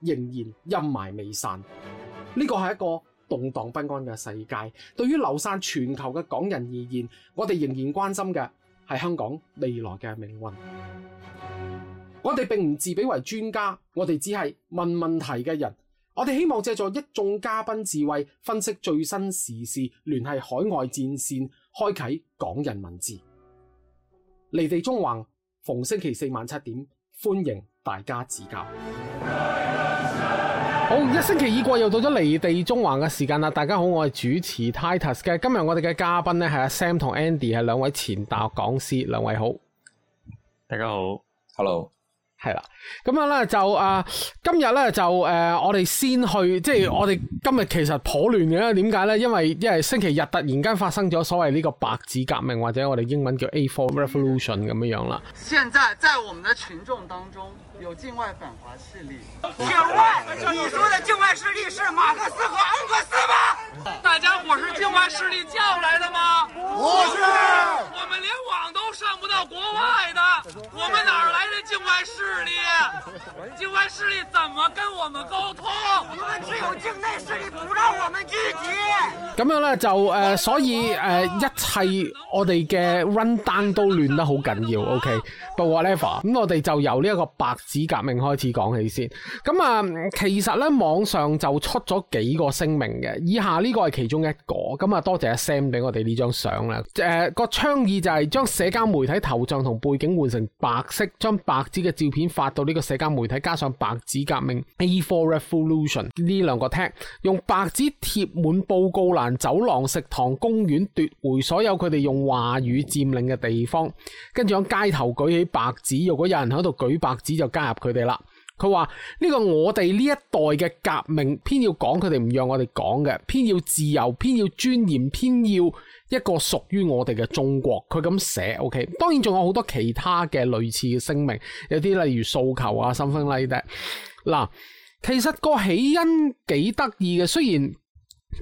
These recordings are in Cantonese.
仍然陰霾未散，呢個係一個動盪不安嘅世界。對於流散全球嘅港人而言，我哋仍然關心嘅係香港未來嘅命運。我哋並唔自比為專家，我哋只係問問題嘅人。我哋希望借助一眾嘉賓智慧，分析最新時事，聯繫海外戰線，開啟港人文字。離地縱橫，逢星期四晚七點，歡迎大家指教。好，一星期已過，又到咗離地縱橫嘅時間啦！大家好，我係主持 Titus 嘅。今日我哋嘅嘉賓咧係阿 Sam 同 Andy，係兩位前大學講師，兩位好。大家好，Hello。係啦，咁啊咧就啊、呃，今日咧就誒、呃，我哋先去，即、就、係、是、我哋今日其實頗亂嘅。點解咧？因為因為星期日突然間發生咗所謂呢個白紙革命，或者我哋英文叫 A4 f Revolution r 咁樣啦。現在在我們的群眾當中。有境外反華勢力？境外？你說的境外勢力是馬克思和恩格斯嗎？大家夥是境外勢力叫來的嗎？不是，是，我們連網都上不到國外的，我們哪來的境外勢力？境外勢力怎麼跟我們溝通？我們只有境內勢力，不讓我們聚集。咁樣呢，就誒、呃，所以誒、呃，一切我哋嘅 run down 都亂得好緊要，OK？不過 whatever，咁我哋就由呢一個白。紙革命開始講起先，咁、嗯、啊，其實呢，網上就出咗幾個聲明嘅，以下呢個係其中一個，咁、嗯、啊多謝阿 Sam 俾我哋呢張相啦，誒個倡議就係、是、將社交媒體頭像同背景換成白色，將白紙嘅照片發到呢個社交媒體，加上白紙革命 （A4 Revolution） 呢兩個 tag，用白紙貼滿報告欄、走廊、食堂、公園，奪回所有佢哋用話語佔領嘅地方，跟住喺街頭舉起白紙，如果有人喺度舉白紙就，加入佢哋啦，佢話呢個我哋呢一代嘅革命，偏要講佢哋唔讓我哋講嘅，偏要自由，偏要尊嚴，偏要一個屬於我哋嘅中國。佢咁寫，OK，當然仲有好多其他嘅類似嘅聲明，有啲例如訴求啊、身份類的。嗱，其實個起因幾得意嘅，雖然。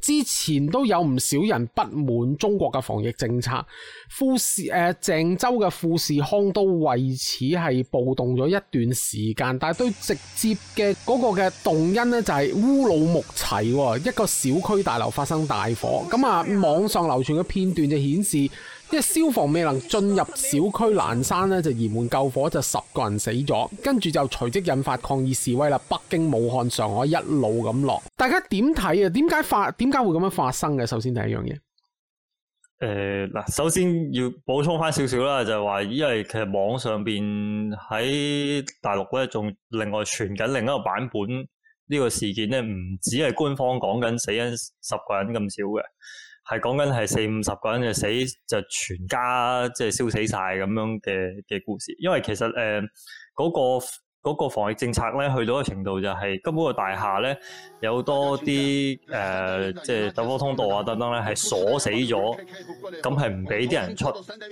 之前都有唔少人不滿中國嘅防疫政策，富士、誒、鄭州嘅富士康都為此係暴動咗一段時間，但係對直接嘅嗰個嘅動因呢，就係烏魯木齊一個小區大樓發生大火，咁啊網上流傳嘅片段就顯示。因為消防未能進入小區欄山咧，就延緩救火，就十個人死咗，跟住就隨即引發抗議示威啦。北京、武漢、上海一路咁落，大家點睇啊？點解發？點解會咁樣發生嘅？首先第一樣嘢，誒嗱、呃，首先要補充翻少少啦，就係話，因為其實網上邊喺大陸咧，仲另外傳緊另一個版本呢、這個事件咧，唔止係官方講緊死人十個人咁少嘅。係講緊係四五十個人就死，就全家即係燒死晒咁樣嘅嘅故事。因為其實誒，嗰、呃嗰個、嗰個防疫政策咧，去到一個程度就係、係、根本個大廈咧，有多啲誒，即係走火通道啊等等咧，係鎖死咗，咁係唔俾啲人出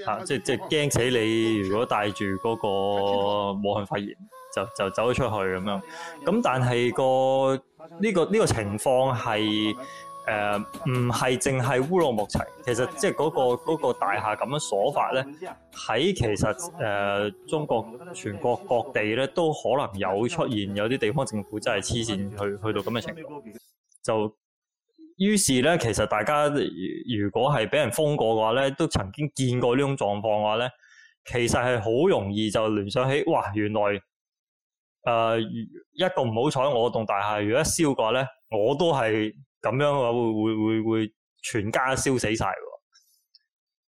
吓，即係即係驚死你，如果帶住嗰個武漢肺炎，就就走咗出去咁樣。咁但係、個呢、個呢、個情況係。誒，唔係淨係烏魯木齊，其實即係嗰個、嗰個大廈咁樣鎖法咧，喺其實誒、呃、中國全國各地咧都可能有出現，有啲地方政府真係黐綫去去到咁嘅情況，就於是咧，其實大家如果係俾人封過嘅話咧，都曾經見過呢種狀況嘅話咧，其實係好容易就聯想起，哇，原來誒、呃、一個唔好彩我棟大廈如果一燒嘅話咧，我都係。咁樣嘅話，會會會會全家燒死晒喎。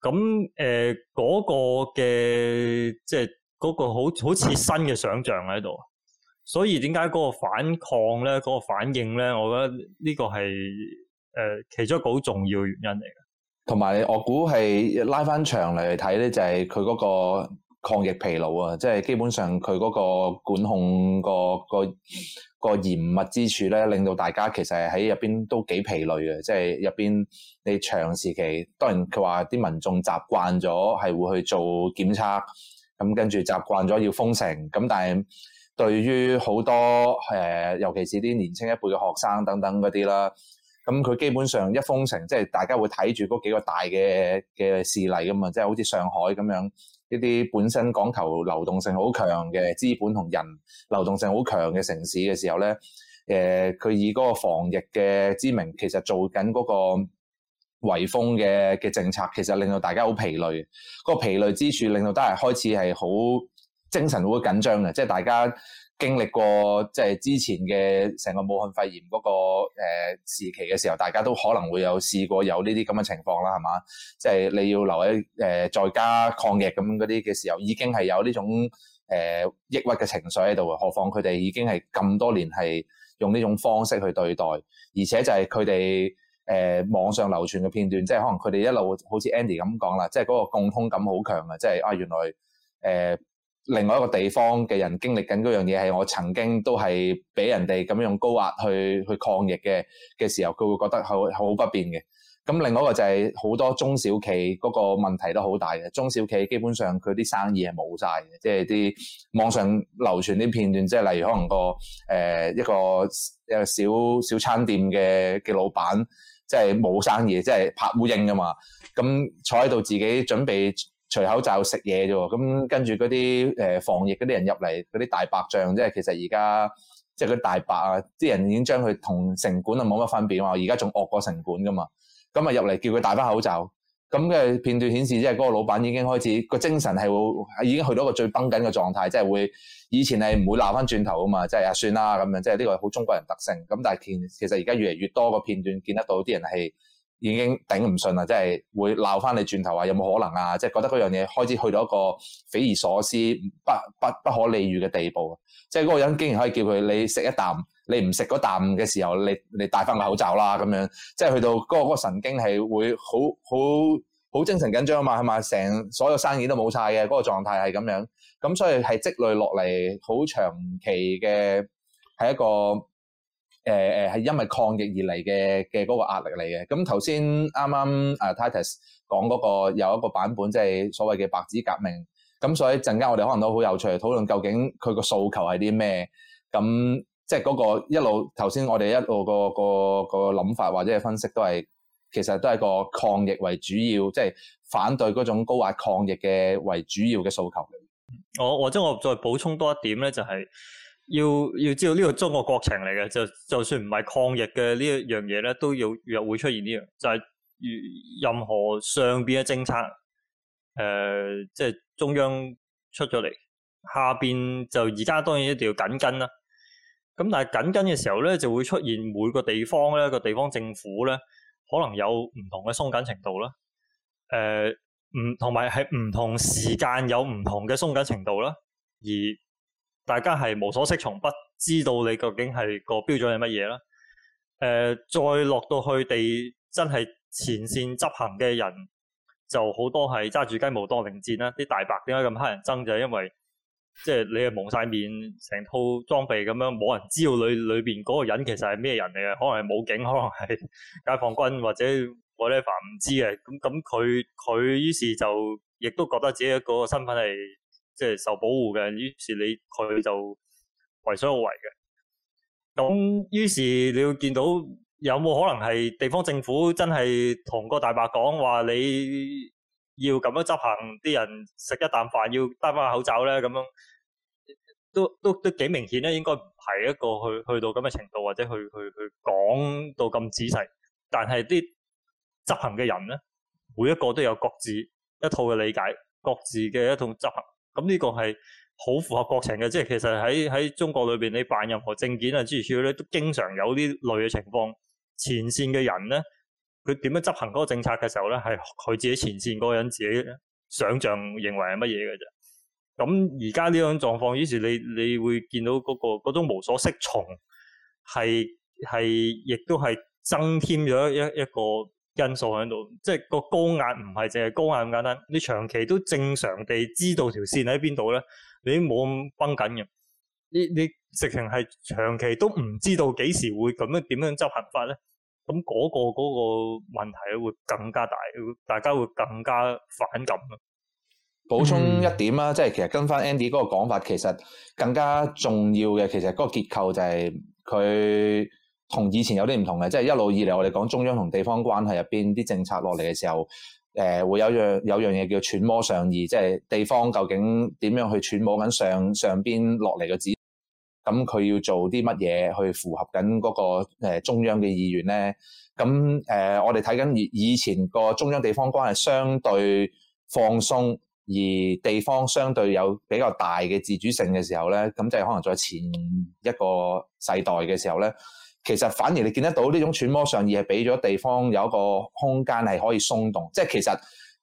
咁誒嗰個嘅，即係嗰個好好似新嘅想像喺度。所以點解嗰個反抗咧，嗰個反應咧，我覺得呢個係誒其中一個好重要嘅原因嚟。同埋我估係拉翻長嚟睇咧，就係佢嗰個抗疫疲勞啊，即係基本上佢嗰個管控個個個嚴密之處咧，令到大家其實喺入邊都幾疲累嘅，即係入邊你長時期，當然佢話啲民眾習慣咗係會去做檢測，咁跟住習慣咗要封城，咁但係對於好多誒，尤其是啲年青一輩嘅學生等等嗰啲啦，咁佢基本上一封城，即係大家會睇住嗰幾個大嘅嘅事例㗎嘛，即係好似上海咁樣。一啲本身講求流動性好強嘅資本同人流動性好強嘅城市嘅時候咧，誒、呃，佢以嗰個防疫嘅之名，其實做緊嗰個圍封嘅嘅政策，其實令到大家好疲累，嗰、那個疲累之處令到大家開始係好精神好緊張嘅，即係大家。經歷過即係之前嘅成個武漢肺炎嗰個誒時期嘅時候，大家都可能會有試過有呢啲咁嘅情況啦，係嘛？即係你要留喺誒在家抗疫咁嗰啲嘅時候，已經係有呢種誒、呃、抑鬱嘅情緒喺度啊。何況佢哋已經係咁多年係用呢種方式去對待，而且就係佢哋誒網上流傳嘅片段，即係可能佢哋一路好似 Andy 咁講啦，即係嗰個共通感好強啊！即係啊，原來誒。呃另外一個地方嘅人經歷緊嗰樣嘢，係我曾經都係俾人哋咁樣高壓去去抗疫嘅嘅時候，佢會覺得好好不便嘅。咁另外一個就係好多中小企嗰個問題都好大嘅。中小企基本上佢啲生意係冇晒嘅，即係啲網上流傳啲片段，即係例如可能個誒一個誒小小餐店嘅嘅老闆，即係冇生意，即係拍烏蠅噶嘛。咁坐喺度自己準備。除口罩食嘢啫喎，咁跟住嗰啲誒防疫嗰啲人入嚟，嗰啲大白象，即係其實而家即係嗰啲大白啊，啲人已經將佢同城管啊冇乜分別啊嘛，而家仲惡過城管噶嘛，咁啊入嚟叫佢戴翻口罩，咁嘅片段顯示即係嗰個老闆已經開始，個精神係會已經去到一個最崩緊嘅狀態，即係會以前係唔會鬧翻轉頭噶嘛，即係啊算啦咁樣，即係呢個好中國人特性。咁但係其實而家越嚟越多個片段見得到啲人係，已經頂唔順啦，即係會鬧翻你轉頭話有冇可能啊？即係覺得嗰樣嘢開始去到一個匪夷所思、不不不可理喻嘅地步，即係嗰個人竟然可以叫佢你食一啖，你唔食嗰啖嘅時候你，你你戴翻個口罩啦咁樣，即係去到嗰個嗰個神經係會好好好精神緊張啊嘛係嘛？成所有生意都冇晒嘅嗰個狀態係咁樣，咁所以係積累落嚟好長期嘅係一個。誒誒，係因為抗疫而嚟嘅嘅嗰個壓力嚟嘅。咁頭先啱啱啊 Titus 講嗰個有一個版本，即係所謂嘅白紙革命。咁所以陣間我哋可能都好有趣討論究竟佢個訴求係啲咩？咁即係嗰個一路頭先我哋一路個個個諗法或者係分析都係，其實都係個抗疫為主要，即係反對嗰種高壓抗疫嘅為主要嘅訴求。我或者我，我再補充多一點咧，就係。要要知道呢個中國國情嚟嘅，就就算唔係抗疫嘅呢一樣嘢咧，都有若會出現呢樣，就係如任何上邊嘅政策，誒，即係中央出咗嚟，下邊就而家當然一定要緊跟啦。咁但係緊跟嘅時候咧，就會出現每個地方咧個地方政府咧，可能有唔同嘅鬆緊程度啦。誒，唔同埋喺唔同時間有唔同嘅鬆緊程度啦，而。大家係無所適從，不知道你究竟係個標準係乜嘢啦。誒、呃，再落到去地真係前線執行嘅人，就好多係揸住雞毛當令箭啦。啲大白點解咁乞人憎就係、是、因為即係、就是、你係蒙晒面，成套裝備咁樣，冇人知道裏裏邊嗰個人其實係咩人嚟嘅，可能係武警，可能係解放軍，或者 whatever 唔知嘅。咁咁佢佢於是就亦都覺得自己嗰個身份係。即係受保護嘅，於是你佢就為所欲為嘅。咁於是你會見到有冇可能係地方政府真係同個大白講，話你要咁樣執行，啲人食一啖飯要戴翻個口罩咧，咁樣都都都幾明顯咧。應該唔係一個去去到咁嘅程度，或者去去去講到咁仔細。但係啲執行嘅人咧，每一個都有各自一套嘅理解，各自嘅一套執行。咁呢個係好符合國情嘅，即係其實喺喺中國裏邊，你辦任何證件啊諸如此類咧，都經常有啲類嘅情況。前線嘅人咧，佢點樣執行嗰個政策嘅時候咧，係佢自己前線嗰個人自己想象認為係乜嘢嘅啫。咁而家呢種狀況，於是你你會見到嗰、嗰個嗰種無所適從，係係亦都係增添咗一一個。因素喺度，即係個高壓唔係淨係高壓咁簡單，你長期都正常地知道條線喺邊度咧，你冇咁繃緊嘅。你你直情係長期都唔知道幾時會咁樣點樣執行法咧，咁嗰個嗰個問題會更加大，大家會更加反感。補充一點啊，嗯、即係其實跟翻 Andy 嗰個講法，其實更加重要嘅，其實個結構就係佢。同以前有啲唔同嘅，即係一路以嚟我哋講中央同地方關係入邊啲政策落嚟嘅時候，誒會有樣有樣嘢叫揣摩上意，即係地方究竟點樣去揣摩緊上上邊落嚟嘅旨，咁佢要做啲乜嘢去符合緊嗰個誒中央嘅意願咧？咁誒我哋睇緊以以前個中央地方關係相對放鬆，而地方相對有比較大嘅自主性嘅時候咧，咁就可能在前一個世代嘅時候咧。其實反而你見得到呢種揣摩上意係俾咗地方有一個空間係可以鬆動，即係其實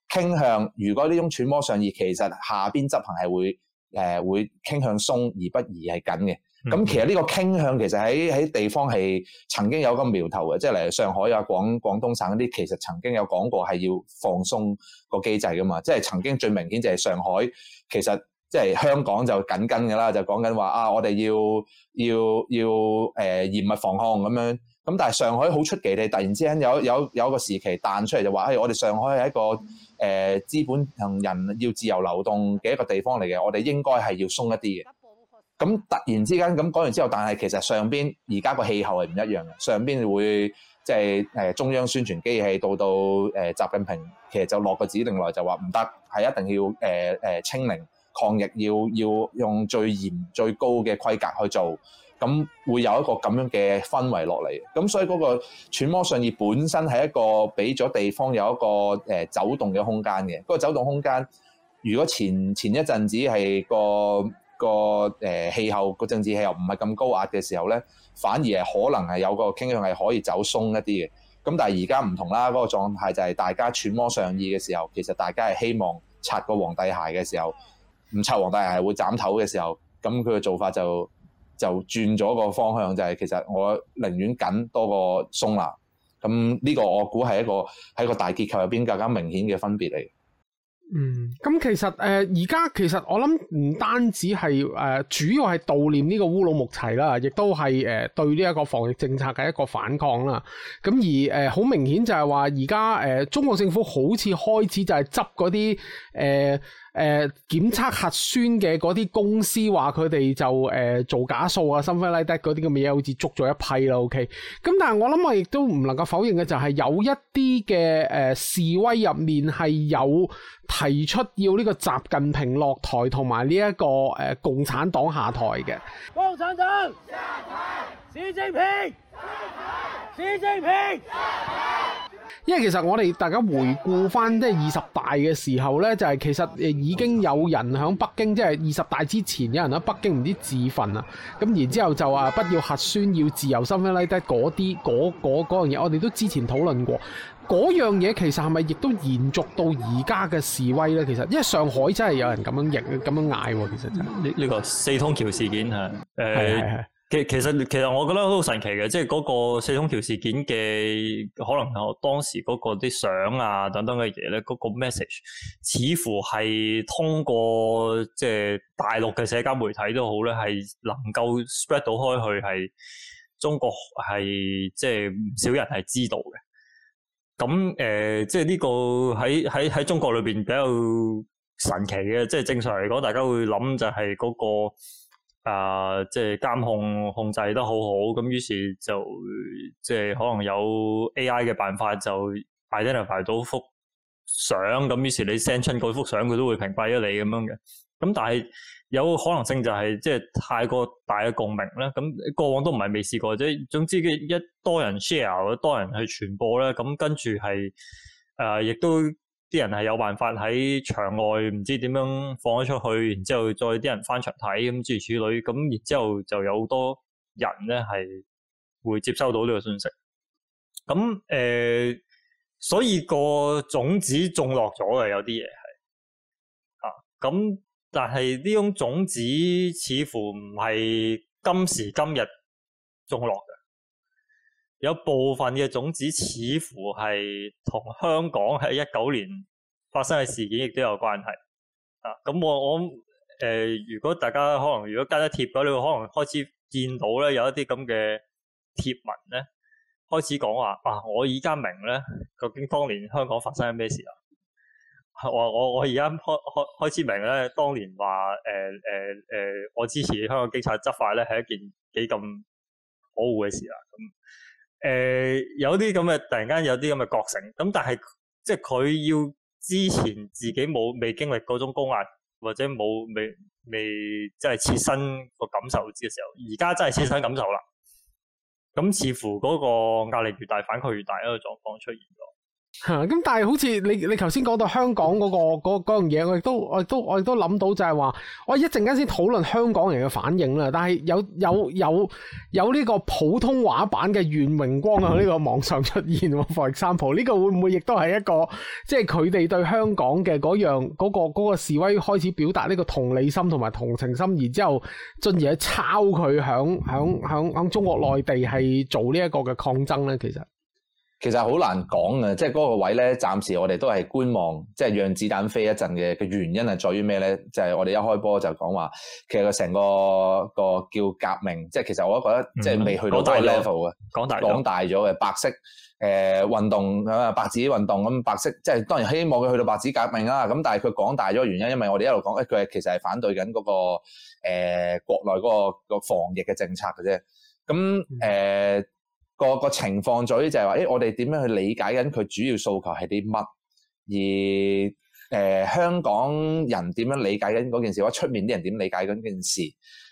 傾向。如果呢種揣摩上意，其實下邊執行係會誒、呃、會傾向鬆而不宜，係緊嘅。咁其實呢個傾向其實喺喺地方係曾經有個苗頭嘅，即係例如上海啊，廣廣東省嗰啲其實曾經有講過係要放鬆個機制噶嘛，即係曾經最明顯就係上海其實。即係香港就緊跟㗎啦，就講緊話啊，我哋要要要誒嚴密防控咁樣咁。但係上海好出奇地突然之間有有有一個時期彈出嚟就話，誒、哎、我哋上海係一個誒、呃、資本同人要自由流動嘅一個地方嚟嘅，我哋應該係要鬆一啲嘅。咁突然之間咁講完之後，但係其實上邊而家個氣候係唔一樣嘅，上邊會即係誒中央宣傳機器到到誒習近平，其實就落個指令來就話唔得，係一定要誒誒、呃、清零。抗疫要要用最嚴最高嘅規格去做，咁會有一個咁樣嘅氛圍落嚟。咁所以嗰個揣摩上意本身係一個俾咗地方有一個誒走動嘅空間嘅。嗰、嗰個走動空間，如果前前一陣子係、嗰個、嗰個誒氣候、嗰個政治氣候唔係咁高壓嘅時候咧，反而係可能係有個傾向係可以走鬆一啲嘅。咁但係而家唔同啦，嗰、嗰個狀態就係大家揣摩上意嘅時候，其實大家係希望擦個皇帝鞋嘅時候。唔策皇帝係會斬頭嘅時候，咁佢嘅做法就就轉咗個方向，就、嗯、係其，、呃、其實我寧願緊多過鬆啦。咁呢個我估係一個喺個大結構入邊更加明顯嘅分別嚟。嗯，咁其實誒而家其實我諗唔單止係誒、呃、主要係悼念呢個烏魯木齊啦，亦都係誒、呃、對呢一個防疫政策嘅一個反抗啦。咁而誒好明顯就係話而家誒中國政府好似開始就係執嗰啲誒。呃誒、呃、檢測核酸嘅嗰啲公司話佢哋就誒、呃、做假數啊，新婚拉得嗰啲咁嘅嘢，好似捉咗一批啦。OK，咁但係我諗我亦都唔能夠否認嘅就係有一啲嘅誒示威入面係有提出要呢個習近平落台同埋呢一個誒共產黨下台嘅、這個呃。共產黨下台，體習近平下台，體平。體因為其實我哋大家回顧翻，即係二十大嘅時候呢，就係、是、其實已經有人響北京，即係二十大之前有人喺北京唔知自焚啊。咁然之後就話不要核酸，要自由心啦。嗰啲嗰嗰樣嘢，我哋都之前討論過。嗰樣嘢其實係咪亦都延續到而家嘅示威呢？其實因為上海真係有人咁樣型咁樣嗌，其實呢、就、呢、是、個四通橋事件係。嗯嗯其其實其實我覺得好神奇嘅，即係嗰個四通橋事件嘅可能，有當時嗰個啲相啊等等嘅嘢咧，嗰、嗰個 message 似乎係通過即係、就係、大陸嘅社交媒體都好咧，係能夠 spread 到開去，係中國係即係唔少人係知道嘅。咁誒，即係呢個喺喺喺中國裏邊比較神奇嘅，即、就、係、係、正常嚟講，大家會諗就係嗰、嗰個。啊，即係監控控制得好好，咁於是就即係可能有 AI 嘅辦法就 identify 到幅相，咁於是你 send 出嗰幅相，佢都會屏蔽咗你咁樣嘅。咁但係有可能性就係、是、即係太過大嘅共鳴啦。咁過往都唔係未試過啫。總之嘅一多人 share，多人去傳播咧，咁跟住係誒，亦都。啲人係有辦法喺牆外唔知點樣放咗出去，然之後再啲人翻牆睇咁諸如此類，咁然之後就有好多人咧係會接收到呢個信息。咁誒、呃，所以個種子種落咗嘅有啲嘢係啊，咁但係呢種種子似乎唔係今時今日種落。有部分嘅種子似乎係同香港喺一九年發生嘅事件亦都有關係啊！咁我我誒、呃，如果大家可能如果加一貼嗰啲，可能開始見到咧有一啲咁嘅貼文咧，開始講話啊！我而家明咧，究竟當年香港發生咩事啊？我我我而家開開開始明咧，當年話誒誒誒，我支持香港警察執法咧，係一件幾咁可惡嘅事啊！咁、嗯。誒、呃，有啲咁嘅，突然間有啲咁嘅覺醒，咁但係即係佢要之前自己冇未經歷嗰種高壓，或者冇未未即係切身個感受嘅時候，而家真係切身感受啦，咁似乎嗰個壓力越大，反抗越大一個狀況出現咗。咁、嗯、但係好似你你頭先講到香港嗰、嗰個嗰樣嘢，我亦都我亦都我亦都諗到就係話，我一陣間先討論香港人嘅反應啦。但係有有有有呢個普通話版嘅願榮光啊，呢個網上出現 For example 呢個會唔會亦都係一個即係佢哋對香港嘅嗰樣嗰、嗰個、嗰個示威開始表達呢個同理心同埋同情心，然之後進而去抄佢響響響響中國內地係做呢一個嘅抗爭咧，其實。其實好難講啊。即係嗰個位咧，暫時我哋都係觀望，即、就、係、是、讓子彈飛一陣嘅嘅原因係在於咩咧？就係、是、我哋一開波就講話，其實個成個個叫革命，即、就、係、是、其實我都覺得即係未去到嗰個 level 嘅，講、嗯、大講大咗嘅白色誒運動啊，白紙運動咁白，、嗯、白色，即係當然希望佢去到白紙革命啦。咁但係佢講大咗原因，因為我哋一路講誒，佢、欸、係其實係反對緊嗰、那個誒、呃、國內嗰個個防疫嘅政策嘅啫。咁誒。呃嗯個個情況在於就係話，誒，我哋點樣去理解緊佢主要訴求係啲乜？而誒、呃、香港人點樣理解緊嗰件事，或者出面啲人點理解緊件事？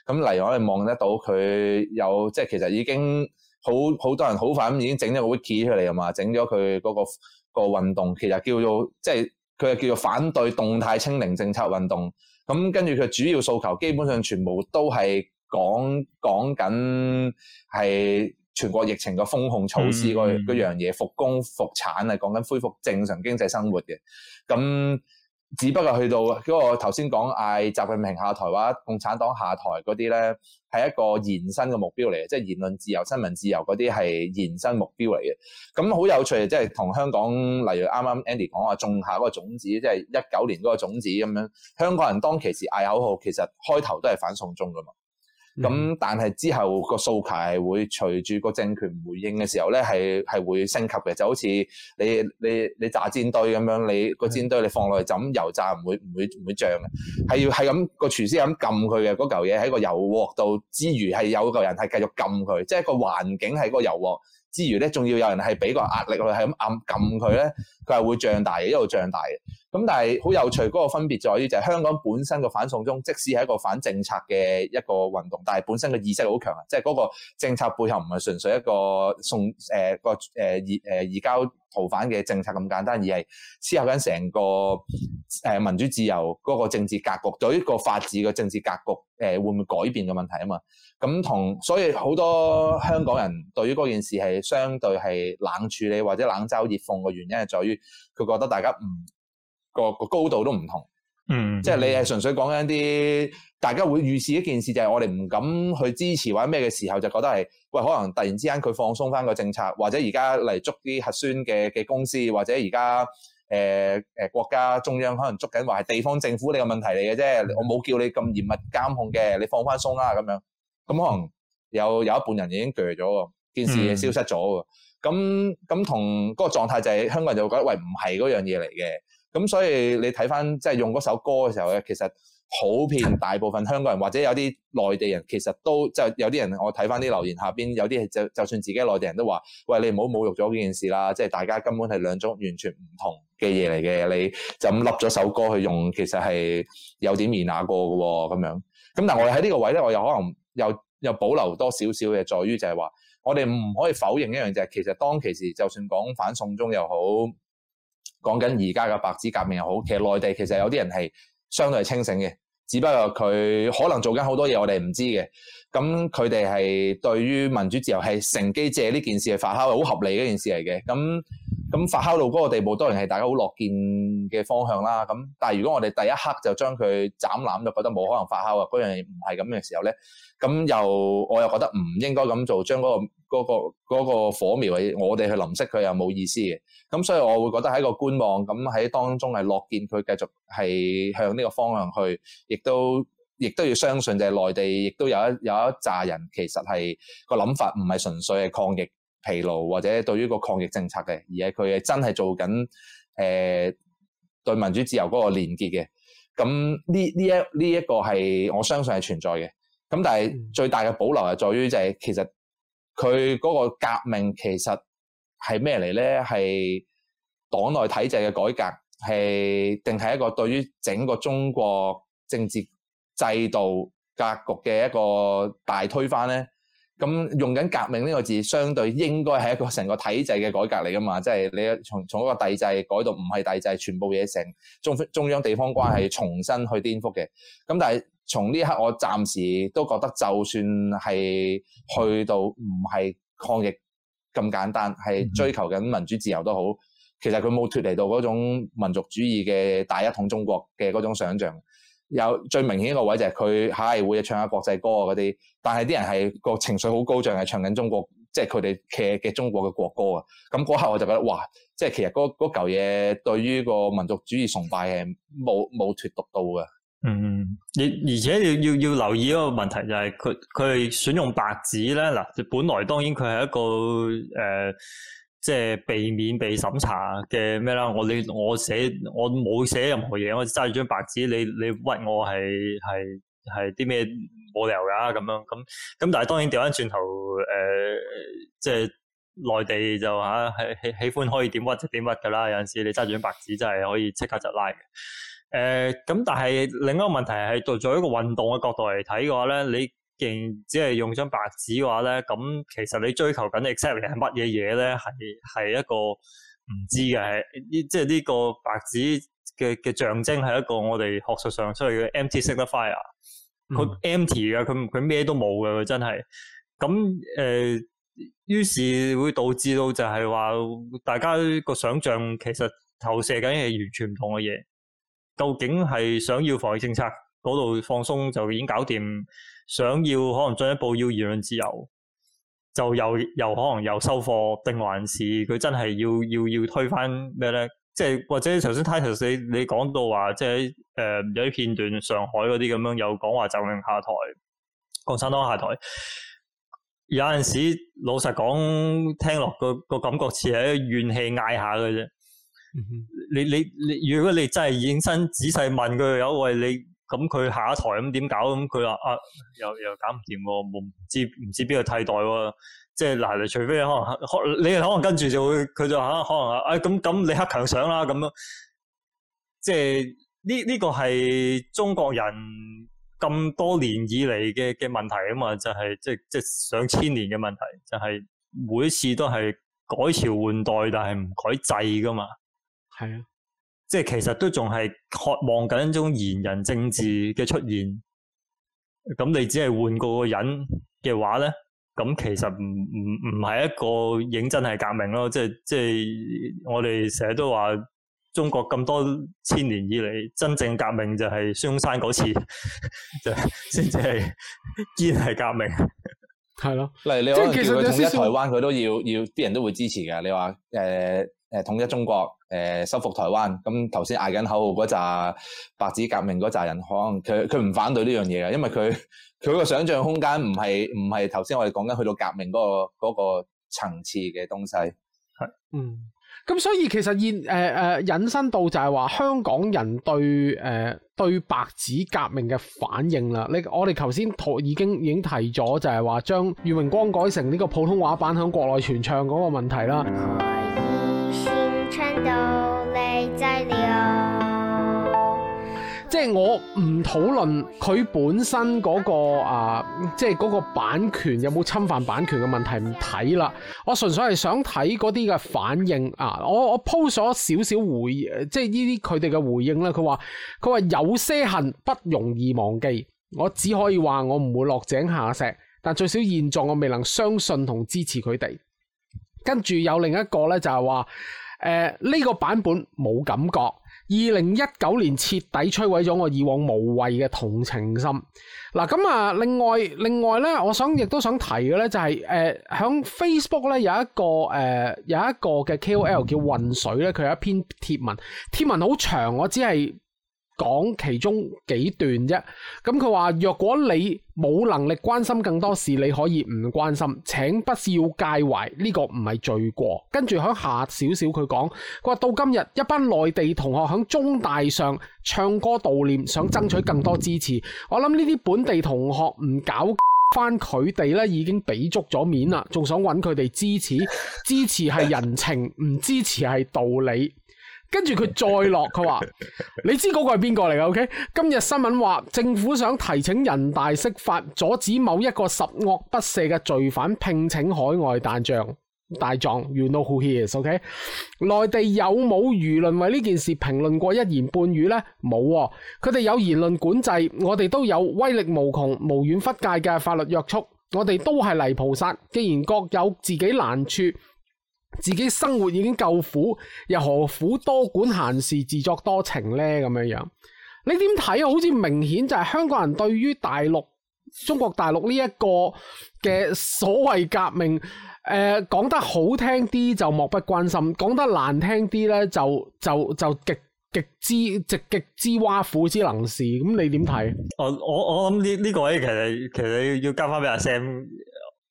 咁、嗯、例如我哋望得到佢有，即係其實已經好好多人好快咁已經整咗個 wiki 出嚟啊嘛，整咗佢嗰個、嗰個運動，其實叫做即係佢係叫做反對動態清零政策運動。咁、嗯、跟住佢主要訴求基本上全部都係講講緊係。全國疫情嘅封控措施嗰、嗯、樣嘢，復工復產啊，講緊恢復正常經濟生活嘅。咁只不過去到嗰、嗰個頭先講嗌習近平下台話，共產黨下台嗰啲咧，係一個延伸嘅目標嚟嘅，即係言論自由、新聞自由嗰啲係延伸目標嚟嘅。咁好有趣，即係同香港，例如啱啱 Andy 講話種下嗰個種子，即係一九年嗰個種子咁樣。香港人當其時嗌口號，其實開頭都係反送中噶嘛。咁，嗯、但係之後個數額係會隨住個政權回應嘅時候咧，係係會升級嘅。就好似你你你炸煎堆咁樣，你個煎堆你放落去，就咁油炸，唔會唔會唔會漲嘅。係、嗯、要係咁、嗯、個廚師咁撳佢嘅，嗰嚿嘢喺個油鑊度之餘係有個人係繼續撳佢，即係個環境喺嗰個油鑊之餘咧，仲要有人係俾個壓力佢係咁按撳佢咧，佢係、嗯、會漲大嘅，一路漲大嘅。咁但係好有趣，嗰個分別在於就係香港本身嘅反送中，即使係一個反政策嘅一個運動，但係本身嘅意識好強啊！即係嗰個政策背後唔係純粹一個送誒個誒移誒移交逃犯嘅政策咁簡單，而係牽涉緊成個誒民主自由嗰個政治格局，對於個法治嘅政治格局誒、呃、會唔會改變嘅問題啊嘛！咁同所以好多香港人對於嗰件事係相對係冷處理或者冷嘲熱諷嘅原因，係在於佢覺得大家唔～個個高度都唔同，嗯，即係你係純粹講緊啲大家會預示一件事，就係我哋唔敢去支持或者咩嘅時候，就覺得係喂，可能突然之間佢放鬆翻個政策，或者而家嚟捉啲核酸嘅嘅公司，或者而家誒誒國家中央可能捉緊話係地方政府呢個問題嚟嘅啫。我冇叫你咁嚴密監控嘅，你放翻鬆啦咁樣。咁可能有有一半人已經鋸咗喎，件事嘅消失咗喎。咁咁、嗯、同嗰個狀態就係、是、香港人就會覺得喂，唔係嗰樣嘢嚟嘅。咁所以你睇翻即係用嗰首歌嘅時候咧，其實普遍大部分香港人或者有啲內地人，其實都即係有啲人，我睇翻啲留言下邊有啲就就算自己內地人都話：「喂，你唔好侮辱咗件事啦！即係大家根本係兩種完全唔同嘅嘢嚟嘅，你就咁笠咗首歌去用，其實係有點兒那過嘅喎，咁樣。咁但係我哋喺呢個位咧，我又可能又又保留多少少嘅，在於就係話，我哋唔可以否認一樣就係，其實當其時就算講反送中又好。講緊而家嘅白紙革命又好，其實內地其實有啲人係相對係清醒嘅，只不過佢可能做緊好多嘢，我哋唔知嘅。咁佢哋係對於民主自由係乘機借呢件事係發酵，好合理嘅一件事嚟嘅。咁咁發酵到嗰個地步，當然係大家好樂見嘅方向啦。咁但係如果我哋第一刻就將佢斬纜，就覺得冇可能發酵呀嗰樣嘢唔係咁嘅時候咧，咁又我又覺得唔應該咁做，將嗰個、嗰個、嗰個火苗係我哋去淋熄佢又冇意思嘅。咁所以我會覺得喺個觀望，咁喺當中係樂見佢繼續係向呢個方向去，亦都。亦都要相信就係、是、內地亦都有一有一紮人，其實係個諗法唔係純粹係抗疫疲勞或者對於個抗疫政策嘅，而係佢真係做緊誒、呃、對民主自由嗰個連結嘅。咁呢呢一呢一個係我相信係存在嘅。咁但係最大嘅保留係在於就係、是、其實佢嗰個革命其實係咩嚟咧？係黨內體制嘅改革，係定係一個對於整個中國政治？制度格局嘅一個大推翻呢，咁、嗯、用緊革命呢個字，相對應該係一個成個體制嘅改革嚟噶嘛？即係你從從一個帝制改到唔係帝制，全部嘢成中中央地方關係重新去顛覆嘅。咁、嗯、但係從呢一刻，我暫時都覺得，就算係去到唔係抗疫咁簡單，係追求緊民主自由都好，其實，佢冇脫離到嗰種民族主義嘅大一統中國嘅嗰種想象。有最明顯一個位就係佢，係會唱下國際歌啊嗰啲，但係啲人係個情緒好高漲，係唱緊中國，即係佢哋嘅嘅中國嘅國歌啊。咁嗰刻我就覺得，哇！即係其實嗰嚿嘢對於個民族主義崇拜係冇冇脫毒到噶。嗯，而而且要要要留意一個問題就係佢佢選用白紙咧，嗱，本來當然佢係一個誒。呃即係避免被審查嘅咩啦？我你我寫我冇寫任何嘢，我揸住張白紙，你你屈我係係係啲咩，冇理由噶咁樣咁咁？但係當然掉翻轉頭，誒、呃，即係內地就吓係喜喜歡可以點屈就點屈噶啦。有陣時你揸住張白紙真係可以即刻就拉誒，咁、呃、但係另一個問題係作為一個運動嘅角度嚟睇嘅話咧，你。既然只係用張白紙嘅話咧，咁其實你追求緊嘅 expectation 係乜嘢嘢咧？係係一個唔知嘅，呢即係呢個白紙嘅嘅象徵係一個我哋學術上出嚟嘅 empty signifier 佢 empty 㗎，佢佢咩都冇嘅，佢真係。咁誒、呃，於是會導致到就係話，大家個想像其實投射緊係完全唔同嘅嘢。究竟係想要防疫政策？嗰度放鬆就已經搞掂，想要可能進一步要言論自由，就又又可能又收貨。定還是佢真係要要要推翻咩咧？即係或者頭先 Titus 你你講到話，即係誒、呃、有啲片段上海嗰啲咁樣，有講話就令下台，共產黨下台。有陣時老實講，聽落、嗰個、嗰個感覺似係怨氣嗌下嘅啫。你你你，如果你真係認真仔細問佢，有位你。咁佢下一台咁點搞？咁佢話啊，又又搞唔掂喎，冇唔知唔知邊個替代喎。即係嗱，除非可能，你可能跟住就會佢就可、啊、可能啊，咁、哎、咁李克強上啦咁咯。即係呢呢個係中國人咁多年以嚟嘅嘅問題啊嘛，就係、是、即即上千年嘅問題，就係、是、每次都係改朝換代，但係唔改制噶嘛。係啊。即係其實都仲係渴望緊一種賢人政治嘅出現，咁你只係換過個人嘅話咧，咁其實唔唔唔係一個認真係革命咯。即係即係我哋成日都話，中國咁多千年以嚟真正革命就係孫中山嗰次，就先至係真係革命。係咯的，嚟 你即係其實你統一台灣佢都要要啲人都會支持嘅。你話，誒誒統一中國。誒，收復台灣，咁頭先嗌緊口號嗰紮白紙革命嗰扎人，可能佢佢唔反對呢樣嘢嘅，因為佢佢個想象空間唔係唔係頭先我哋講緊去到革命嗰個嗰個層次嘅東西。嗯，咁所以其實現誒誒引申到就係話香港人對誒、呃、對白紙革命嘅反應啦。你我哋頭先已經已經提咗，就係話將《願榮光》改成呢個普通話版響國內傳唱嗰個問題啦。嗯唱到你醉了，即係我唔討論佢本身嗰個啊，即係嗰個版權有冇侵犯版權嘅問題唔睇啦。我純粹係想睇嗰啲嘅反應啊。我我 po 咗少少回，即係呢啲佢哋嘅回應啦。佢話佢話有些恨不容易忘記，我只可以話我唔會落井下石，但最少現狀我未能相信同支持佢哋。跟住有另一個咧就係話。誒，呢、呃這個版本冇感覺，二零一九年徹底摧毀咗我以往無謂嘅同情心。嗱、啊，咁啊，另外另外咧，我想亦都想提嘅咧、就是，就係誒，響 Facebook 咧有一個誒、呃、有一個嘅 KOL 叫混水咧，佢有一篇貼文，貼文好長，我只係。講其中幾段啫，咁佢話：若果你冇能力關心更多事，你可以唔關心。請不要介懷，呢個唔係罪過。跟住響下少少，佢講：佢話到今日一班內地同學響中大上唱歌悼念，想爭取更多支持。我諗呢啲本地同學唔搞翻佢哋呢已經俾足咗面啦，仲想揾佢哋支持？支持係人情，唔支持係道理。跟住佢再落，佢話你知嗰個係邊個嚟㗎？OK，今日新聞話政府想提請人大釋法，阻止某一個十惡不赦嘅罪犯聘請海外大將大狀。You know who he is？OK，內地有冇輿論為呢件事評論過一言半語呢？冇、哦，佢哋有言論管制，我哋都有威力無窮、無遠弗屆嘅法律約束，我哋都係泥菩薩，既然各有自己難處。自己生活已經夠苦，又何苦多管閒事、自作多情呢？咁樣樣，你點睇啊？好似明顯就係香港人對於大陸、中國大陸呢一個嘅所謂革命，誒、呃、講得好聽啲就漠不關心，講得難聽啲呢就就就，就極極之極極之挖苦之能事。咁你點睇？我我諗呢呢個位其實其實要要交翻俾阿 Sam。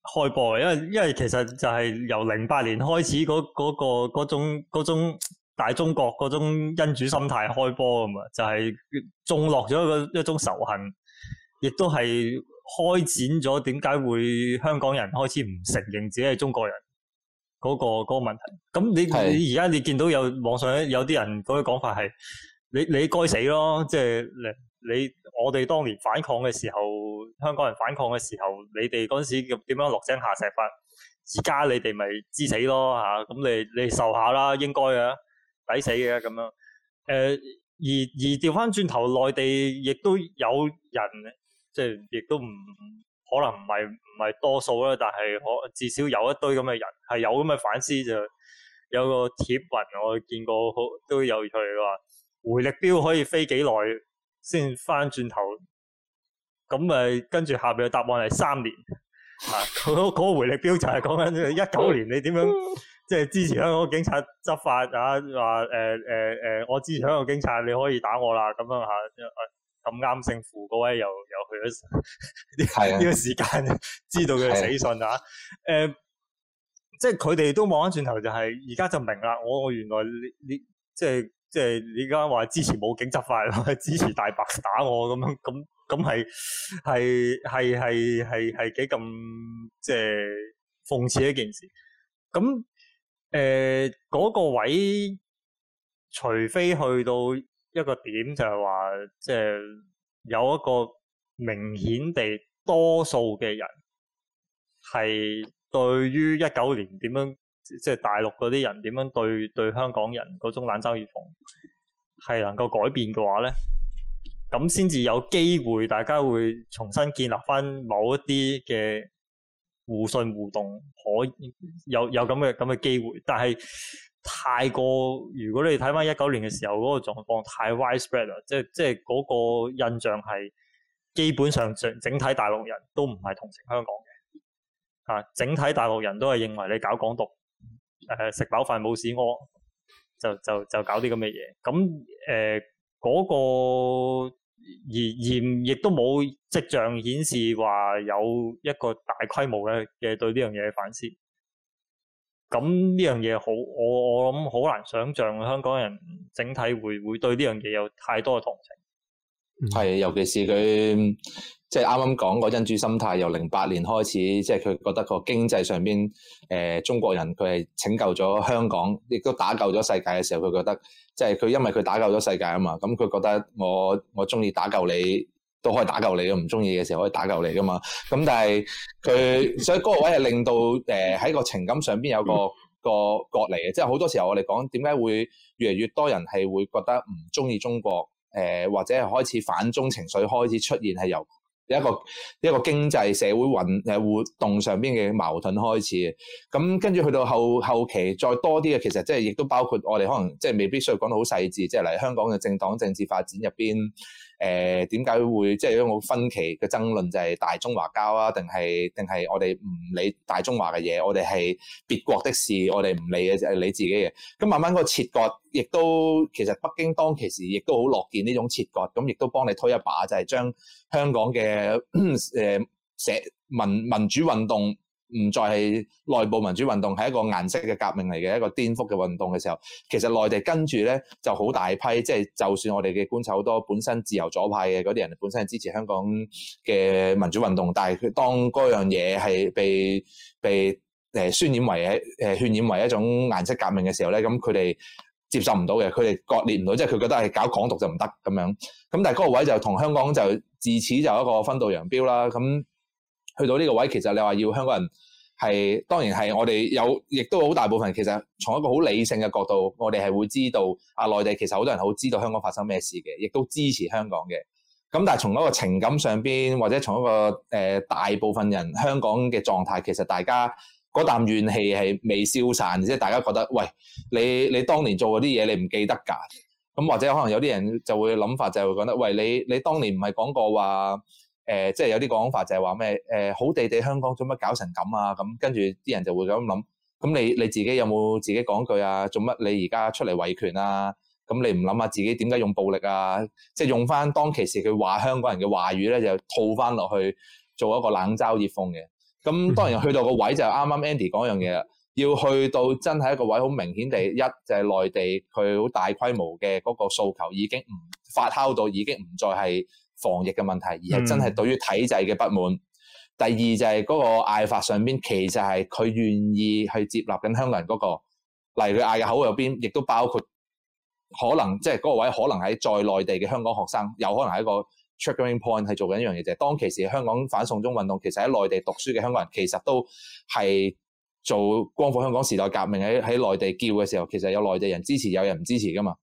開波，因為因為其實就係由零八年開始嗰、那、嗰個、那個、種種大中國嗰種恩主心態開波噶嘛，就係、是、種落咗一個一種仇恨，亦都係開展咗點解會香港人開始唔承認自己係中國人嗰、那個嗰、那個問題。咁你而家是你見到有網上有啲人嗰啲講法係，你你該死咯，即、就、係、是、你。你我哋當年反抗嘅時候，香港人反抗嘅時候，你哋嗰陣時點樣落井下石法？而家你哋咪知死咯吓，咁、啊嗯、你嚟受下啦，應該嘅，抵死嘅咁樣。誒、呃，而而調翻轉頭，內地亦都有人，即係亦都唔可能唔係唔係多數啦，但係可至少有一堆咁嘅人係有咁嘅反思就，有個貼文我見過好都有佢話，回力標可以飛幾耐？先翻轉頭，咁咪、啊、跟住下邊嘅答案係三年。啊，嗰、嗰個回力標就係講緊一九年你，你點樣即係支持香港警察執法啊？話誒誒誒，我支持香港警察，你可以打我啦。咁樣嚇、啊，咁、啊、啱勝負，嗰位又又去咗呢 個時間，知道佢死訊是啊，啊？誒、嗯，即係佢哋都望翻轉頭、就係，就係而家就明啦。我原來呢呢即係。即係你而家話支持武警執法，支持大白打我咁樣，咁咁係係係係係幾咁即係諷刺一件事。咁誒，嗰個位，除非去到一個點就，就係話即係有一個明顯地多數嘅人係對於一九年點樣？即係大陸嗰啲人點樣對對香港人嗰種冷嘲熱諷，係能夠改變嘅話咧，咁先至有機會，大家會重新建立翻某一啲嘅互信互動，可有有咁嘅咁嘅機會。但係太過，如果你睇翻一九年嘅時候嗰個狀況，太 widespread 啦，即係即係嗰個印象係基本上整整體大陸人都唔係同情香港嘅，啊，整體大陸人都係認為你搞港獨。誒食飽飯冇屎屙，就就就搞啲咁嘅嘢。咁誒嗰個而而亦都冇跡象顯示話有一個大規模嘅嘅對呢樣嘢嘅反思。咁呢樣嘢好，我我諗好難想像香港人整體會會對呢樣嘢有太多嘅同情。係，尤其是佢即係啱啱講個恩主心態，由零八年開始，即係佢覺得個經濟上邊誒、呃，中國人佢係拯救咗香港，亦都打救咗世界嘅時候，佢覺得即係佢因為佢打救咗世界啊嘛，咁、嗯、佢覺得我我中意打救你，都可以打救你嘅，唔中意嘅時候可以打救你噶嘛。咁、嗯、但係佢所以嗰個位係令到誒喺、呃、個情感上邊有個、嗯、個割離嘅，即係好多時候我哋講點解會越嚟越多人係會覺得唔中意中國。誒，或者係開始反中情緒開始出現係由一個一個經濟社會運誒活動上邊嘅矛盾開始嘅，咁跟住去到後後期再多啲嘅，其實即係亦都包括我哋可能即係未必需要講到好細緻，即係嚟香港嘅政黨政治發展入邊。誒點解會即係、就是、有個分歧嘅爭論就係、是、大中華交大中華膠啊？定係定係我哋唔理大中華嘅嘢，我哋係別國的事，我哋唔理嘅就係、是、你自己嘅。咁慢慢個切割亦都其實，北京當其時亦都好樂見呢種切割，咁亦都幫你推一把，就係、是、將香港嘅誒社民民主運動。唔再係內部民主運動，係一個顏色嘅革命嚟、嘅一個顛覆嘅運動嘅時候，其實內地跟住咧就好大批，即係就算我哋嘅官籌好多本身自由左派嘅嗰啲人，本身係支持香港嘅民主運動，但係佢當嗰樣嘢係被被誒渲染為誒渲染為一種顏色革命嘅時候咧，咁佢哋接受唔到嘅，佢哋割裂唔到，即係佢覺得係搞港獨就唔得咁樣。咁但係嗰個位就同香港就自此就一個分道揚鑣啦。咁。去到呢個位，其實你話要香港人係當然係我哋有，亦都好大部分其實從一個好理性嘅角度，我哋係會知道啊內地其實好多人好知道香港發生咩事嘅，亦都支持香港嘅。咁但係從一個情感上邊，或者從一個誒、呃、大部分人香港嘅狀態，其實大家嗰啖怨氣係未消散，即係大家覺得喂，你你當年做嗰啲嘢你唔記得㗎，咁或者可能有啲人就會諗法就係覺得喂，你你當年唔係講過話？誒、呃，即係有啲講法就係話咩？誒、呃，好地地香港做乜搞成咁啊？咁跟住啲人就會咁諗。咁你你自己有冇自己講句啊？做乜你而家出嚟維權啊？咁你唔諗下自己點解用暴力啊？即係用翻當其時佢話香港人嘅話語咧，就套翻落去做一個冷嘲熱諷嘅。咁當然去到個位就啱啱 Andy 講樣嘢啦，要去到真係一個位好明顯地，一就係、是、內地佢好大規模嘅嗰個訴求已經唔發酵到，已經唔再係防疫嘅問題，而係真係對於體制嘅不滿。嗯、第二就係嗰個嗌法上邊，其實係佢願意去接納緊香港人嗰、那個，例如佢嗌嘅口號入邊，亦都包括可能即係嗰個位可能喺在，在內地嘅香港學生，有可能係一個 checking point 係做緊一樣嘢，就係、是、當其時香港反送中運動，其實喺內地讀書嘅香港人，其實都係做光復香港時代革命喺喺內地叫嘅時候，其實有內地人支持，有人唔支持㗎嘛。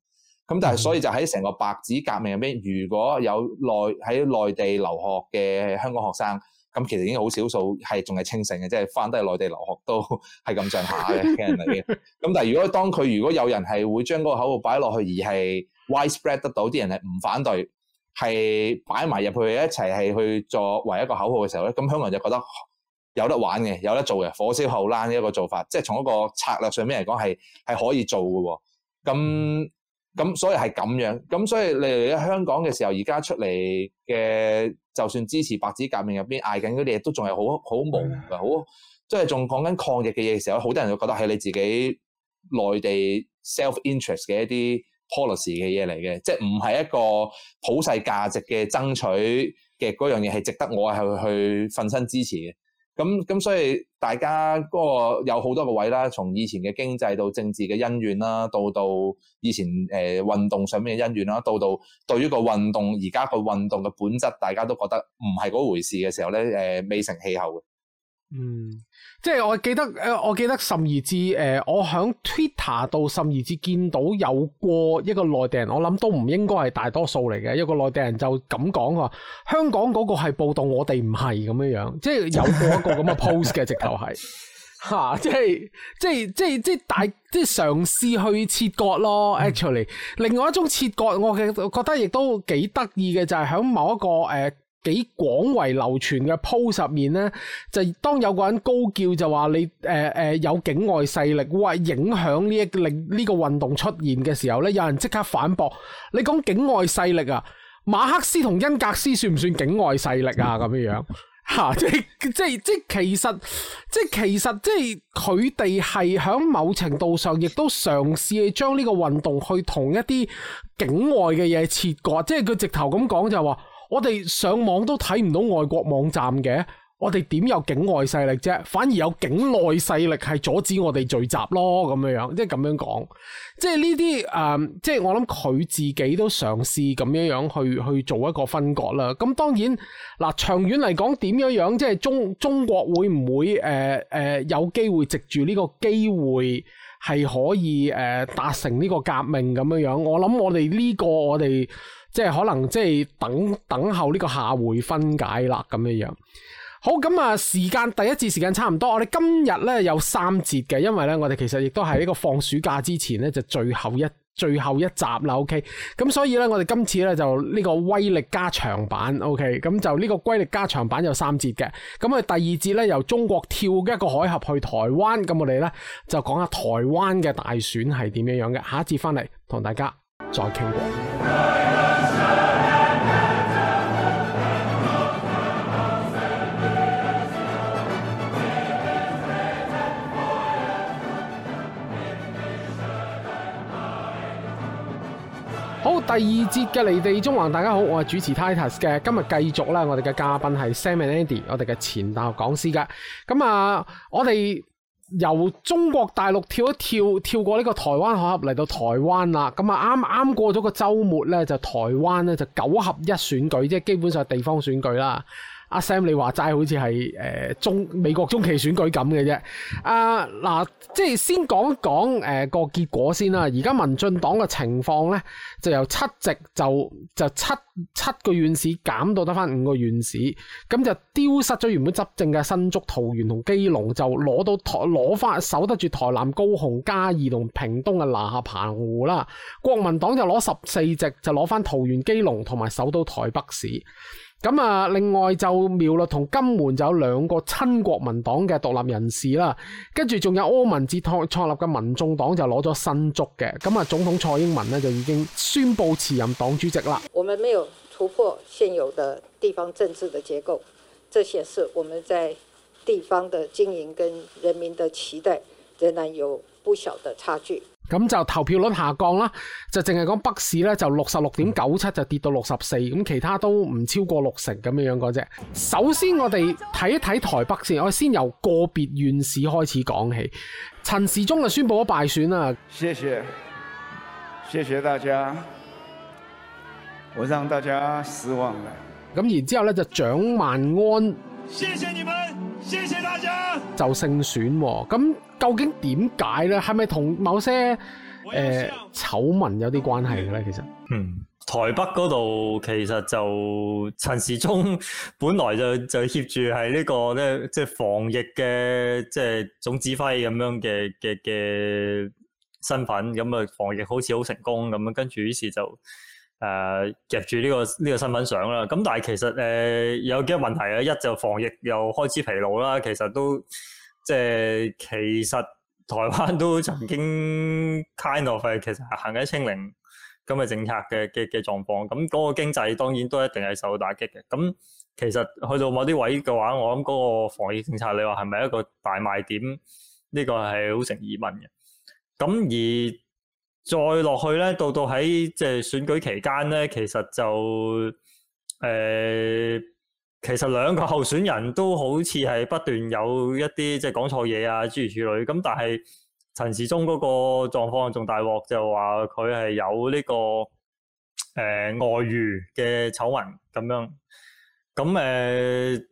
咁但係所以就喺成個白紙革命入邊，如果有內喺內地留學嘅香港學生，咁其實已經好少數，係仲係清醒嘅，即係翻低去內地留學都，都係咁上下嘅人嚟嘅。咁但係如果當佢如果有人係會將嗰個口號擺落去，而係 widespread 得到啲人係唔反對，係擺埋入去一齊係去作為一個口號嘅時候咧，咁香港人就覺得有得玩嘅，有得做嘅，火燒後欄呢一個做法，即係從一個策略上面嚟講係係可以做嘅喎，咁。嗯咁、嗯、所以係咁樣，咁、嗯、所以你嚟喺香港嘅時候，而家出嚟嘅就算支持白紙革命入邊嗌緊嗰啲嘢，都仲係好好無，好即係仲講緊抗疫嘅嘢嘅時候，好多人會覺得係你自己內地 self interest 嘅一啲 policy 嘅嘢嚟嘅，即係唔係一個普世價值嘅爭取嘅嗰樣嘢係值得我係去瞓身支持嘅。咁，咁所以大家嗰個有好多個位啦，從以前嘅經濟到政治嘅恩怨啦，到到以前誒運動上面嘅恩怨啦，到到對於個運動而家個運動嘅本質，大家都覺得唔係嗰回事嘅時候咧，誒未成氣候嘅。嗯。即係我記得，誒，我記得甚而至，誒、呃，我喺 Twitter 到甚而至見到有過一個內地人，我諗都唔應該係大多數嚟嘅一個內地人就咁講話，香港嗰個係暴動，我哋唔係咁樣樣，即係有過一個咁嘅 post 嘅，直頭係，嚇，即係即係即係即係大即係嘗試去切割咯、嗯、actually，另外一種切割，我其實覺得亦都幾得意嘅，就係、是、喺某一個誒。呃幾廣為流傳嘅 post 入面呢，就當有個人高叫就話你誒誒、呃、有境外勢力話影響呢一令呢個運動出現嘅時候呢，有人即刻反駁你講境外勢力啊，馬克思同恩格斯算唔算境外勢力啊？咁樣吓， 即係即係即其實即係其實即係佢哋係響某程度上亦都嘗試將呢個運動去同一啲境外嘅嘢切割，即係佢直頭咁講就話、是。我哋上網都睇唔到外國網站嘅，我哋點有境外勢力啫？反而有境內勢力係阻止我哋聚集咯，咁樣樣即係咁樣講，即係呢啲誒，即係我諗佢自己都嘗試咁樣樣去去做一個分割啦。咁當然嗱、呃，長遠嚟講，點樣樣即係中中國會唔會誒誒、呃呃、有機會藉住呢個機會係可以誒達、呃、成呢個革命咁樣樣？我諗我哋呢、呢個我哋。即係可能即係等等候呢個下回分解啦，咁樣樣。好咁啊，時間第一次時間差唔多，我哋今日呢有三節嘅，因為呢，我哋其實亦都係呢個放暑假之前呢，就最後一最後一集啦。OK，咁所以呢，我哋今次呢就呢個威力加長版。OK，咁就呢個威力加長版有三節嘅。咁啊，第二節呢，由中國跳嘅一個海峽去台灣，咁我哋呢，就講下台灣嘅大選係點樣樣嘅。下一節翻嚟同大家再傾過。好，第二節嘅離地縱橫，大家好，我係主持 Titus 嘅，今日繼續咧，我哋嘅嘉賓係 Sam and Andy，我哋嘅前大學講師㗎，咁啊，我哋由中國大陸跳一跳，跳過呢個台灣海峽嚟到台灣啦，咁啊，啱啱過咗個周末咧，就台灣咧就九合一選舉，即係基本上係地方選舉啦。阿 Sam，你話齋好似係誒中美國中期選舉咁嘅啫。啊，嗱，即係先講講誒、呃、個結果先啦。而家民進黨嘅情況呢，就由七席就就七七個縣市減到得翻五個縣市，咁就丟失咗原本執政嘅新竹、桃園同基隆，就攞到台攞翻守得住台南、高雄、嘉義同屏東嘅拿下澎湖啦。國民黨就攞十四席，就攞翻桃園、基隆同埋首都台北市。咁啊，另外就苗栗同金門就有兩個親國民黨嘅獨立人士啦，跟住仲有柯文哲創創立嘅民眾黨就攞咗新竹嘅。咁啊，總統蔡英文呢就已經宣佈辭任黨主席啦。我們沒有突破現有的地方政治的結構，這顯示我們在地方的經營跟人民的期待仍然有不小的差距。咁就投票率下降啦，就淨係講北市咧就六十六點九七就跌到六十四，咁其他都唔超過六成咁樣樣嘅啫。首先我哋睇一睇台北先，我先由個別縣市開始講起。陳時中就宣布咗敗選啦。謝謝，謝謝大家，我讓大家失望啦。咁然之後咧就蔣萬安。謝謝你們。謝謝大家，就勝選咁。啊，究竟點解咧？係咪同某些誒醜聞有啲關係嘅咧？其實，嗯，台北嗰度其實就陳時中本來就就協住係呢個咧，即係防疫嘅即係總指揮咁樣嘅嘅嘅身份，咁啊防疫好似好成功咁樣，跟住於是就。誒夾住呢、這個呢、這個新聞上啦，咁但係其實誒、呃、有幾個問題啊，一就防疫又開始疲勞啦，其實都即係其實台灣都曾經 kind of is, 其實行緊清零咁嘅政策嘅嘅嘅狀況，咁嗰、嗯，那個經濟當然都一定係受打擊嘅。咁、嗯、其實去到某啲位嘅話，我諗嗰個防疫政策，你話係咪一個大賣點？呢、這個係好成疑問嘅。咁、嗯、而再落去咧，到到喺即係選舉期間咧，其實就誒、呃，其實兩個候選人都好似係不斷有一啲即係講錯嘢啊，諸如此類。咁但係陳時中嗰個狀況仲大鑊，就話佢係有呢個誒、呃、外遇嘅醜聞咁樣。咁誒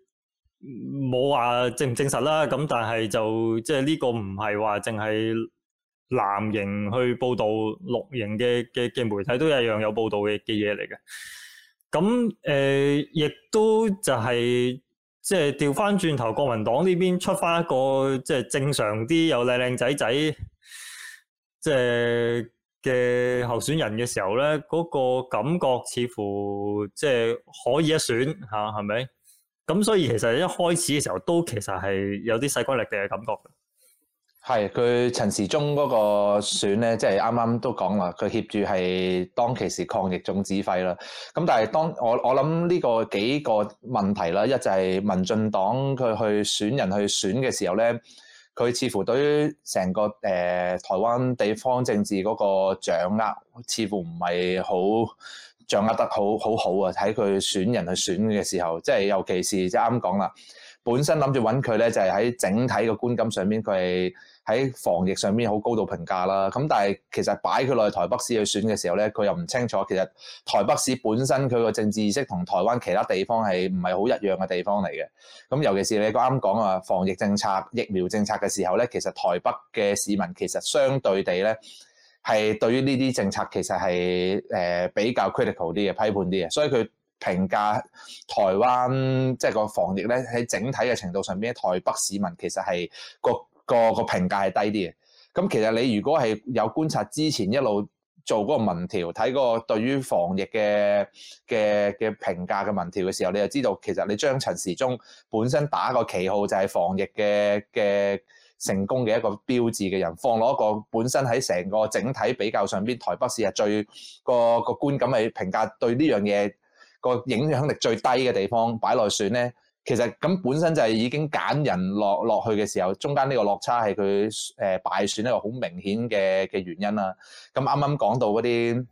冇話證唔證實啦。咁但係就即係呢個唔係話淨係。藍營去報導，綠營嘅嘅嘅媒體都一樣有報導嘅嘅嘢嚟嘅。咁誒，亦、呃、都就係、是、即係調翻轉頭，國民黨呢邊出翻一個即係正常啲又靚靚仔仔，即係嘅候選人嘅時候咧，嗰、那個感覺似乎即係可以一選嚇，係咪？咁所以其實一開始嘅時候都其實係有啲勢均力敵嘅感覺。係佢陳時中嗰個選咧，即係啱啱都講啦，佢協助係當其時抗疫總指揮啦。咁但係當我我諗呢個幾個問題啦，一就係民進黨佢去選人去選嘅時候咧，佢似乎對於成個誒、呃、台灣地方政治嗰個掌握，似乎唔係好掌握得好好好啊！睇佢選人去選嘅時候，即係尤其是即係啱講啦，本身諗住揾佢咧，就係、是、喺整體嘅觀感上邊佢係。喺防疫上面好高度評價啦，咁但係其實擺佢落去台北市去選嘅時候咧，佢又唔清楚其實台北市本身佢個政治意識同台灣其他地方係唔係好一樣嘅地方嚟嘅，咁尤其是你啱啱講啊，防疫政策、疫苗政策嘅時候咧，其實台北嘅市民其實相對地咧係對於呢啲政策其實係誒比較 critical 啲嘅、批判啲嘅，所以佢評價台灣即係、就是、個防疫咧喺整體嘅程度上邊，台北市民其實係個。個個評價係低啲嘅，咁其實你如果係有觀察之前一路做嗰個民調，睇個對於防疫嘅嘅嘅評價嘅民調嘅時候，你就知道其實你將陳時中本身打個旗號就係防疫嘅嘅成功嘅一個標誌嘅人，放落一個本身喺成個整體比較上邊台北市係最個個觀感係評價對呢樣嘢個影響力最低嘅地方擺落去算咧。其實咁本身就係已經揀人落落去嘅時候，中間呢個落差係佢誒敗選一個好明顯嘅嘅原因啦。咁啱啱講到嗰啲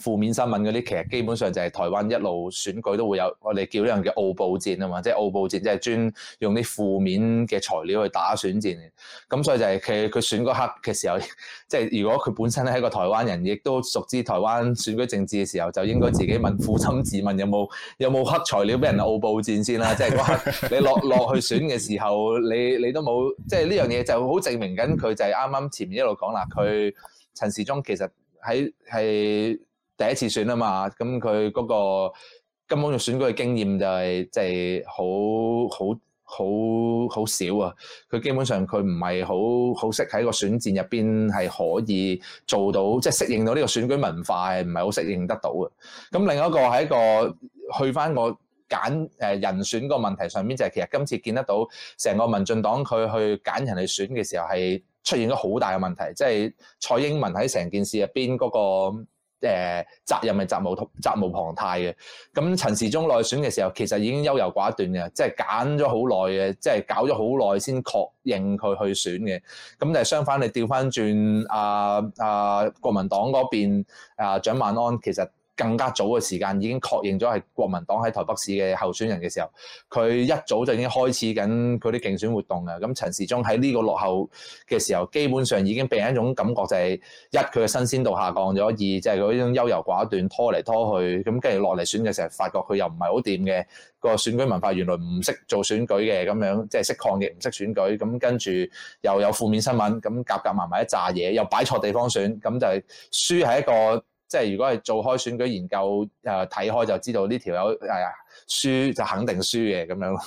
負面新聞嗰啲，其實基本上就係台灣一路選舉都會有，我哋叫呢樣嘅奧布戰啊嘛，即係奧布戰，即係專用啲負面嘅材料去打選戰。咁所以就係佢佢選嗰刻嘅時候，即、就、係、是、如果佢本身係一個台灣人，亦都熟知台灣選舉政治嘅時候，就應該自己問，負心自問有冇有冇黑材料俾人奧布戰先啦、啊。即、就、係、是、刻你落落去選嘅時候， 你你都冇，即係呢樣嘢就好、是、證明緊佢就係啱啱前面一路講啦，佢陳時中其實喺係。第一次選啊嘛，咁佢嗰個根本嘅選舉嘅經驗就係即係好好好好少啊！佢基本上佢唔係好好識喺個選戰入邊係可以做到，即係適應到呢個選舉文化，唔係好適應得到嘅。咁另一個係一個去翻我揀誒人選個問題上面，就係其實今次見得到成個民進黨佢去揀人哋選嘅時候，係出現咗好大嘅問題，即係蔡英文喺成件事入邊嗰個。誒責任咪責無責無旁貸嘅。咁陳時中內選嘅時候其實已經優柔寡斷嘅，即係揀咗好耐嘅，即係搞咗好耐先確認佢去選嘅，咁但係相反你調翻轉啊，啊國民黨嗰邊啊蔣萬安其實。更加早嘅時間已經確認咗係國民黨喺台北市嘅候選人嘅時候，佢一早就已經開始緊佢啲競選活動嘅。咁陳時中喺呢個落後嘅時候，基本上已經俾人一種感覺就係、是、一佢嘅新鮮度下降咗，二即係嗰種優柔寡斷拖嚟拖去。咁跟住落嚟選嘅時候，發覺佢又唔係好掂嘅個選舉文化，原來唔識做選舉嘅咁樣，即係識抗疫唔識選舉。咁跟住又有負面新聞，咁夾夾埋埋一紮嘢，又擺錯地方選，咁就係輸喺一個。即係如果係做開選舉研究，誒、呃、睇開就知道呢條友係啊，輸就肯定輸嘅咁樣咯。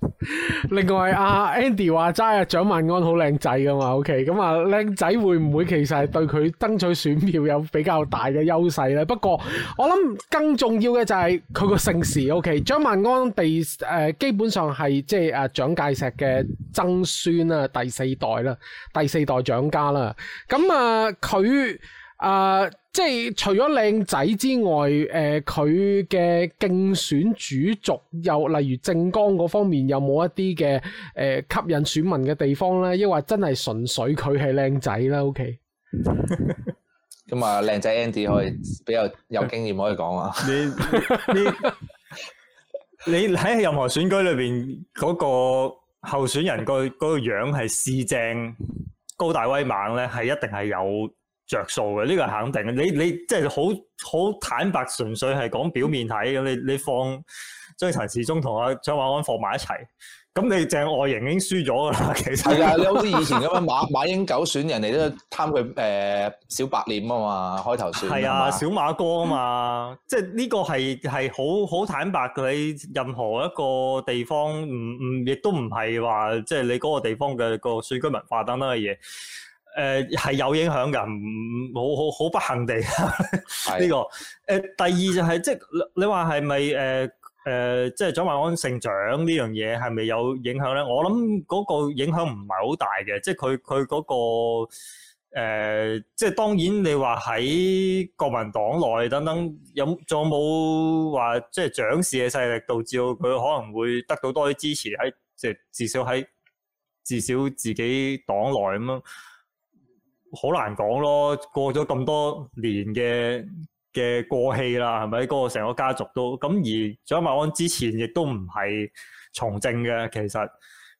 另外阿 Andy 話齋啊，蔣萬安好靚仔噶嘛，OK？咁啊，靚仔會唔會其實係對佢爭取選票有比較大嘅優勢咧？不過我諗更重要嘅就係佢個姓氏，OK？蔣萬安第誒、呃、基本上係即係誒、呃、蔣介石嘅曾孫啦，第四代啦，第四代蔣家啦。咁啊，佢、呃。誒、呃，即係除咗靚仔之外，誒佢嘅競選主軸又例如政綱嗰方面，又冇一啲嘅誒吸引選民嘅地方咧，抑或真係純粹佢係靚仔啦？OK，咁啊，靚仔 Andy 可以比較有經驗可以講啊。你你你喺任何選舉裏邊嗰、那個候選人個嗰、那個樣係四正高大威猛咧，係一定係有。着數嘅，呢個係肯定嘅。你你即係好好坦白、純粹係講表面睇咁。你你放張陳時中同阿蔣萬安放埋一齊，咁你淨外形已經輸咗噶啦。其實係啊，你好似以前咁樣馬馬英九選人哋都貪佢誒、呃、小白臉啊嘛，開頭選係啊的吧小馬哥啊嘛，嗯、即係呢個係係好好坦白佢任何一個地方，唔唔亦都唔係話即係你嗰個地方嘅個選舉文化等等嘅嘢。誒係、呃、有影響㗎，唔冇好好不幸地呢、 呢個。誒、 呃、第二就係即係你話係咪誒誒，即係蔣萬安成長呢樣嘢係咪有影響咧？ 我諗嗰個影響唔係好大嘅，即係佢佢嗰個、呃、即係當然你話喺國民黨內等等有仲冇話即係蔣氏嘅勢力導致到佢可能會得到多啲支持喺即係至少喺至少自己黨內咁樣。好難講咯，過咗咁多年嘅嘅過氣啦，係咪？嗰、那個成個家族都咁，而蔣萬安之前亦都唔係從政嘅，其實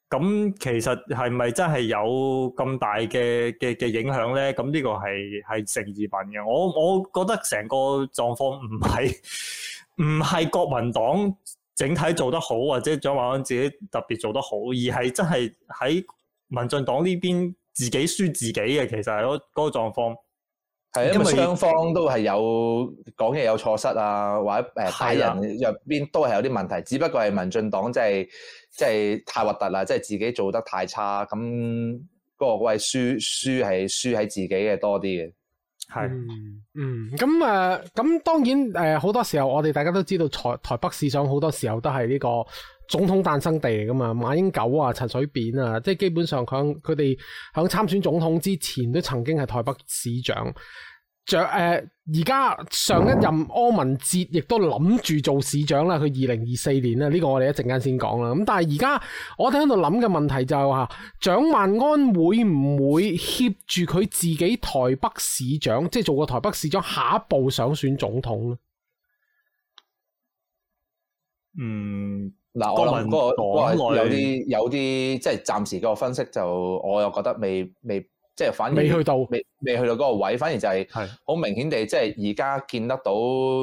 咁其實係咪真係有咁大嘅嘅嘅影響咧？咁呢個係係成疑問嘅。我我覺得成個狀況唔係唔係國民黨整體做得好，或者蔣萬安自己特別做得好，而係真係喺民進黨呢邊。自己輸自己嘅，其實係嗰嗰個狀況，係因為雙方都係有講嘢有錯失啊，或者誒派人入邊都係有啲問題，的只不過係民進黨即係即係太核突啦，即係自己做得太差，咁嗰個位輸輸係輸喺自己嘅多啲嘅。係是、嗯，嗯，咁誒，咁、呃、當然誒，好、呃、多時候我哋大家都知道台台北市長好多時候都係呢、這個。總統誕生地嚟㗎嘛？馬英九啊，陳水扁啊，即係基本上佢佢哋響參選總統之前都曾經係台北市長。長誒，而家上一任柯文哲亦都諗住做市長啦。佢二零二四年啦，呢個我哋一陣間先講啦。咁但係而家我哋喺度諗嘅問題就係話，蔣萬安會唔會協住佢自己台北市長，即係做過台北市長，下一步想選總統咧？嗯。嗱，我諗嗰個有啲有啲，即係暫時嘅分析就，我又覺得未未，即係反而未去到未未去到個位，反而就係好明顯地，即係而家見得到，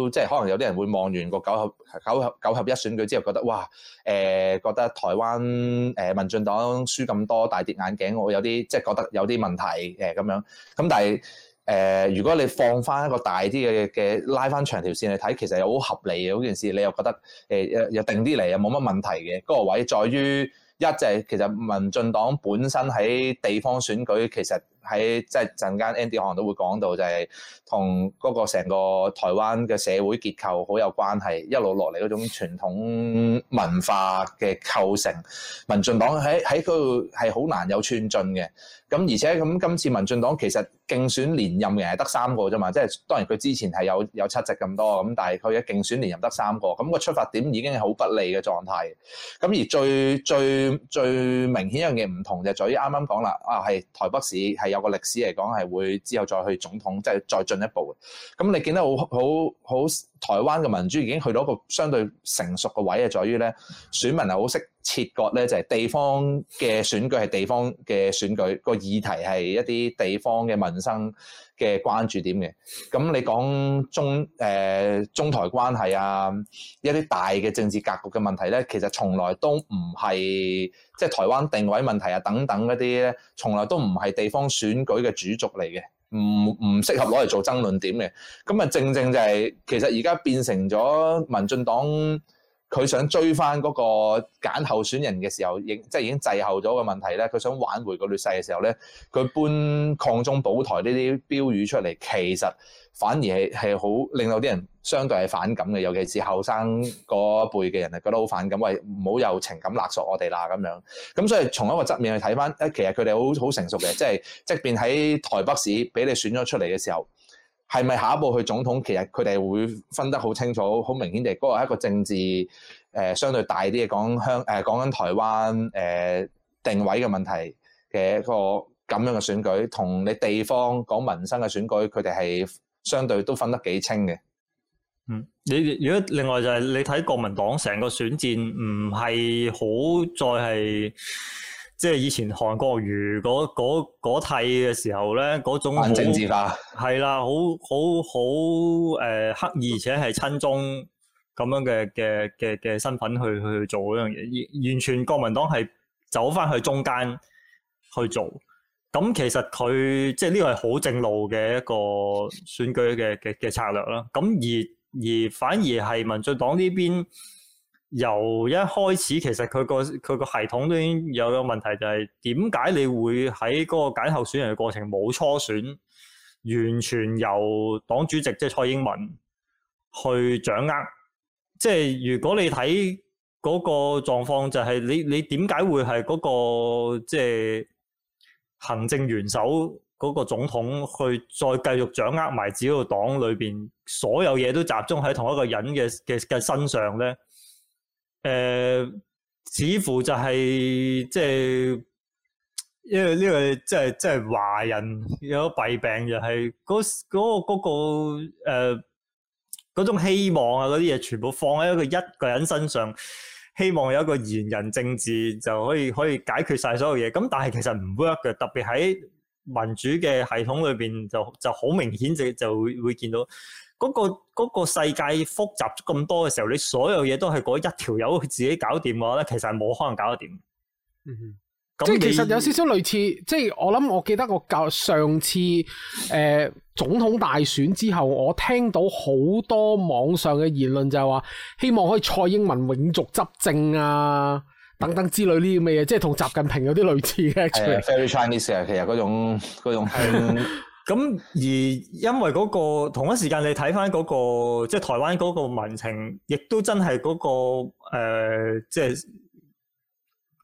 即係可能有啲人會望完個九合九合九合九合一選舉之後，覺得哇，誒，覺得台灣誒，民進黨輸咁多大跌眼鏡，我有啲即係覺得有啲問題誒咁樣，咁但係。誒，如果你放翻一個大啲嘅嘅拉翻長條線嚟睇，其實又好合理嘅嗰件事，你又覺得誒又、呃、又定啲嚟又冇乜問題嘅。嗰個位在於一就係、是、其實民進黨本身喺地方選舉其實。喺即係陣間 Andy 可能都會講到，就係同嗰個成個台灣嘅社會結構好有關係，一路落嚟嗰種傳統文化嘅構成，民進黨喺喺嗰度係好難有寸進嘅。咁而且咁今次民進黨其實競選連任嘅係得三個啫嘛，即係當然佢之前係有有七席咁多，咁但係佢嘅競選連任得三個，咁個出發點已經係好不利嘅狀態，咁而最最最明顯一樣嘢唔同就係在於啱啱講啦，啊係台北市係有。有個歷史嚟講係會之後再去總統，即係再進一步嘅。咁你見得好好好，台灣嘅民主已經去到一個相對成熟嘅位啊，在於咧選民係好識切割咧，就係地方嘅選舉係地方嘅選舉，個議題係一啲地方嘅民生。嘅關注點嘅，咁你講中誒、呃、中台關係啊，一啲大嘅政治格局嘅問題咧，其實從來都唔係即係台灣定位問題啊等等嗰啲咧，從來都唔係地方選舉嘅主軸嚟嘅，唔唔適合攞嚟做爭論點嘅，咁啊正正就係、是、其實而家變成咗民進黨。佢想追翻嗰個揀候選人嘅時候，已即係已經滯後咗個問題咧。佢想挽回個劣勢嘅時候咧，佢搬抗中保台呢啲標語出嚟，其實反而係係好令到啲人相對係反感嘅，尤其是後生嗰一輩嘅人啊，覺得好反感，喂，唔好有情感勒索我哋啦咁樣。咁所以從一個側面去睇翻，誒其實佢哋好好成熟嘅，即係即便喺台北市俾你選咗出嚟嘅時候。係咪下一步去總統？其實佢哋會分得好清楚，好明顯地，嗰、那個係一個政治誒相對大啲嘅講香誒講緊台灣誒、呃、定位嘅問題嘅一、那個咁樣嘅選舉，同你地方講民生嘅選舉，佢哋係相對都分得幾清嘅。嗯，你如果另外就係、是、你睇國民黨成個選戰，唔係好再係。即係以前韓國瑜嗰嗰嗰替嘅時候咧，嗰種政治化，係啦，好好好誒刻意，而且係親中咁樣嘅嘅嘅嘅身份去去做嗰樣嘢，完全國民黨係走返去中間去做。咁其實佢即係呢個係好正路嘅一個選舉嘅嘅嘅策略啦。咁而而反而係民進黨呢邊。由一開始，其實佢個佢個系統都已經有個問題，就係點解你會喺嗰個揀候選人嘅過程冇初選，完全由黨主席即係、就是、蔡英文去掌握。即、就、係、是、如果你睇嗰個狀況、那個，就係你你點解會係嗰個即係行政元首嗰個總統去再繼續掌握埋自己個黨裏邊所有嘢都集中喺同一個人嘅嘅嘅身上咧？誒、呃、似乎就係、是、即係，因為呢、這個即係即係華人有弊病、就是，就係嗰嗰個嗰、呃、種希望啊嗰啲嘢，全部放喺一個一個人身上，希望有一個賢人政治就可以可以解決晒所有嘢。咁但係其實唔 work 嘅，特別喺民主嘅系統裏邊，就就好明顯就就會就會見到。嗰、嗰個嗰個世界複雜咁多嘅時候，你所有嘢都係嗰一條友自己搞掂嘅話咧，其實係冇可能搞得掂。嗯哼，你即係其實有少少類似，即係我諗，我記得我舊上次誒、呃、總統大選之後，我聽到好多網上嘅言論就係話，希望可以蔡英文永續執政啊等等之類呢啲嘅嘢，即係同習近平有啲類似嘅。very Chinese 其實嗰種嗰種。 咁而因為嗰、那個同一時間、那個，你睇翻嗰個即係台灣嗰個民情，亦都真係嗰、那個、呃、即係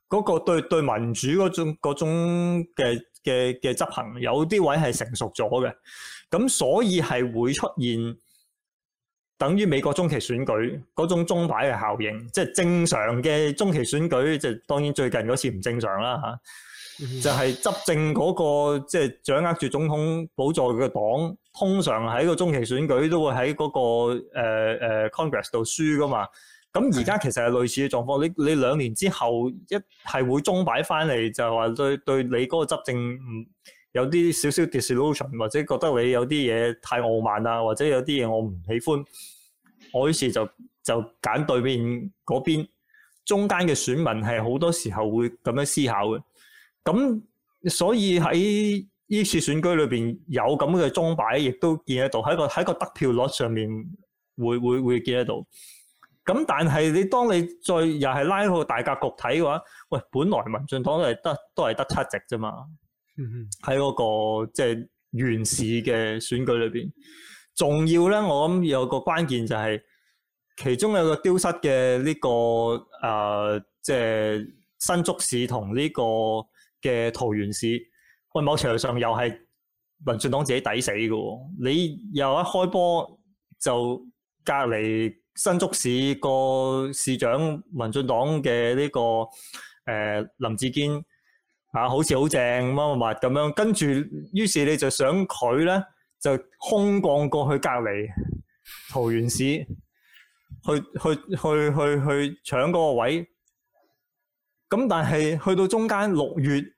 嗰、那個對,對民主嗰種嗰種嘅嘅嘅執行，有啲位係成熟咗嘅。咁所以係會出現等於美國中期選舉嗰種鐘擺嘅效應，即係正常嘅中期選舉，就當然最近嗰次唔正常啦嚇。就係執政嗰、那個，即、就、係、是、掌握住總統寶座嘅黨，通常喺個中期選舉都會喺嗰、那個誒誒、呃呃、Congress 度輸噶嘛。咁而家其實係類似嘅狀況，你你兩年之後一係會鐘擺翻嚟，就話、是、對對你嗰個執政有啲少少 dissolution 或者覺得你有啲嘢太傲慢啊，或者有啲嘢我唔喜歡，我於是就就揀對面嗰邊，中間嘅選民係好多時候會咁樣思考嘅。咁所以喺呢次選舉裏邊有咁嘅鐘擺，亦都見得到喺一個喺一個得票率上面會會會見得到。咁但係你當你再又係拉一個大格局睇嘅話，喂，本來民進黨都係得都係得七席啫嘛。喺嗰、那個即係、就是、縣市嘅選舉裏邊，仲要咧，我諗有個關鍵就係、是、其中有個丟失嘅呢個誒，即、呃、係、就是、新竹市同呢、這個，嘅桃園市喎，某程度上又係民進黨自己抵死嘅喎。你又一開波就隔離新竹市個市長民進黨嘅呢、這個誒、呃、林志堅啊，好似好正乜乜物咁樣。跟住於是你就想佢咧，就空降過去隔離桃園市，去去去去去搶嗰個位。咁但係去到中間六月。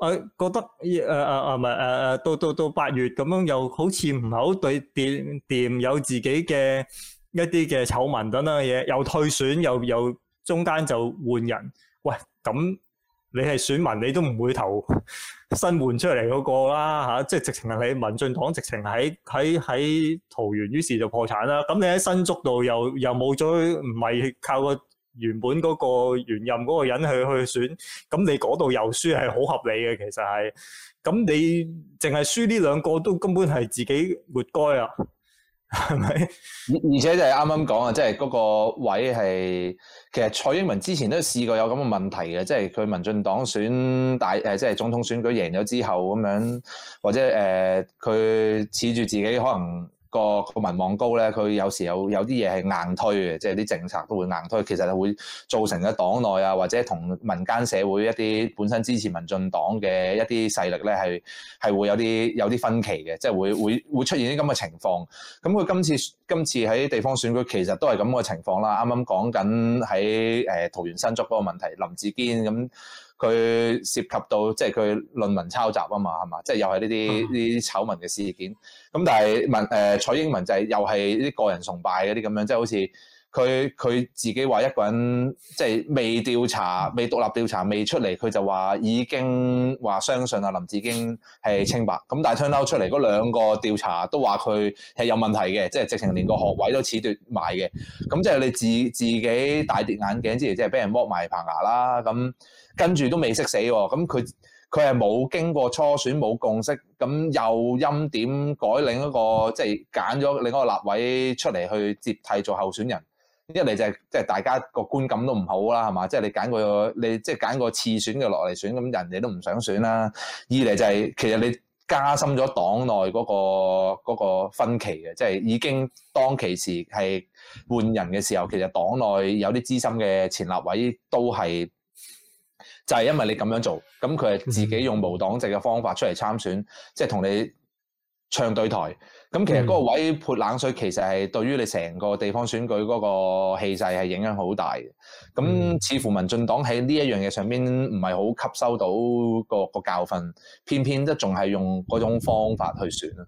我覺得誒誒誒唔係誒誒，到到到八月咁樣，又好似唔係好對掂掂，有自己嘅一啲嘅醜聞等等嘅嘢，又退選又又中間就換人。喂，咁你係選民，你都唔會投新換出嚟嗰個啦嚇，即係直情係你民進黨直情喺喺喺桃園，於是就破產啦。咁你喺新竹度又又冇咗，唔係靠個。原本嗰個原任嗰個人去去選，咁你嗰度又輸係好合理嘅，其實係。咁你淨係輸呢兩個都根本係自己活該啊，係咪？而而且就係啱啱講啊，即係嗰個位係其實蔡英文之前都試過有咁嘅問題嘅，即係佢民進黨選大誒，即係總統選舉贏咗之後咁樣，或者誒佢恃住自己可能。個個民望高咧，佢有時有有啲嘢係硬推嘅，即係啲政策都會硬推，其實會造成咗黨內啊，或者同民間社會一啲本身支持民進黨嘅一啲勢力咧，係係會有啲有啲分歧嘅，即係會會會出現啲咁嘅情況。咁佢今次今次喺地方選舉其實都係咁嘅情況啦。啱啱講緊喺誒桃園新竹嗰個問題，林志堅咁。佢涉及到即係佢論文抄襲啊嘛，係嘛？即係又係呢啲呢啲醜聞嘅事件。咁但係文誒、呃、蔡英文就係又係啲個人崇拜嗰啲咁樣，即係好似佢佢自己話一個人，即係未調查、未獨立調查、未出嚟，佢就話已經話相信啊林智堅係清白。咁但係 turn out 嬲出嚟嗰兩個調查都話佢係有問題嘅，即係直情連個學位都褫奪埋嘅。咁即係你自自己大跌眼鏡之餘，即係俾人剝埋棚牙啦咁。跟住都未識死喎、哦，咁佢佢係冇經過初選冇共識，咁、嗯、又欽點改另一個，即係揀咗另一個立委出嚟去接替做候選人。一嚟就係即係大家個觀感都唔好啦，係嘛？即、就、係、是、你揀個你即係揀個次選嘅落嚟選，咁人哋都唔想選啦。二嚟就係、是、其實你加深咗黨內嗰個嗰、那個分歧嘅，即、就、係、是、已經當其時係換人嘅時候，其實黨內有啲資深嘅前立委都係。就係因為你咁樣做，咁佢係自己用無黨籍嘅方法出嚟參選，嗯、即係同你唱對台。咁其實嗰個位潑冷水，其實係對於你成個地方選舉嗰個氣勢係影響好大嘅。咁似乎民進黨喺呢一樣嘢上邊唔係好吸收到個個教訓，偏偏都仲係用嗰種方法去選啊。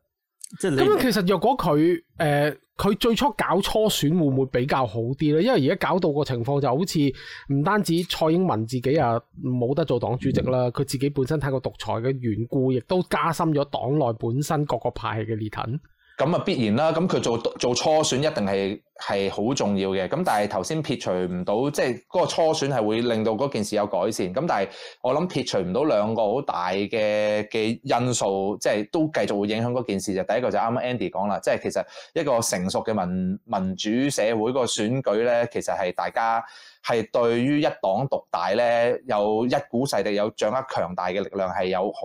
咁樣其實若果佢誒，佢，呃，最初搞初選會唔會比較好啲咧？因為而家搞到個情況就好似唔單止蔡英文自己啊冇得做黨主席啦，佢自己本身睇過獨裁嘅緣故，亦都加深咗黨內本身各個派嘅裂痕。咁啊必然啦，咁佢做做初選一定係係好重要嘅。咁但係頭先撇除唔到，即係嗰個初選係會令到嗰件事有改善。咁但係我諗撇除唔到兩個好大嘅嘅因素，即係都繼續會影響嗰件事。就第一個就啱啱 Andy 講啦，即係其實一個成熟嘅民民主社會個選舉咧，其實係大家係對於一黨獨大咧，有一股勢力有掌握強大嘅力量係有好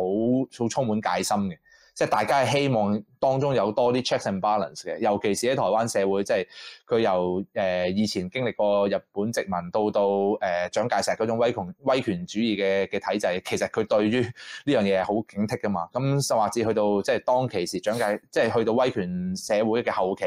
好充滿戒心嘅。即係大家係希望當中有多啲 checks and balance 嘅，尤其是喺台灣社會，即係佢由誒以前經歷過日本殖民到到誒蔣介石嗰種威權威權主義嘅嘅體制，其實佢對於呢樣嘢係好警惕噶嘛。咁甚至去到即係當其時蔣介即係去到威權社會嘅後期，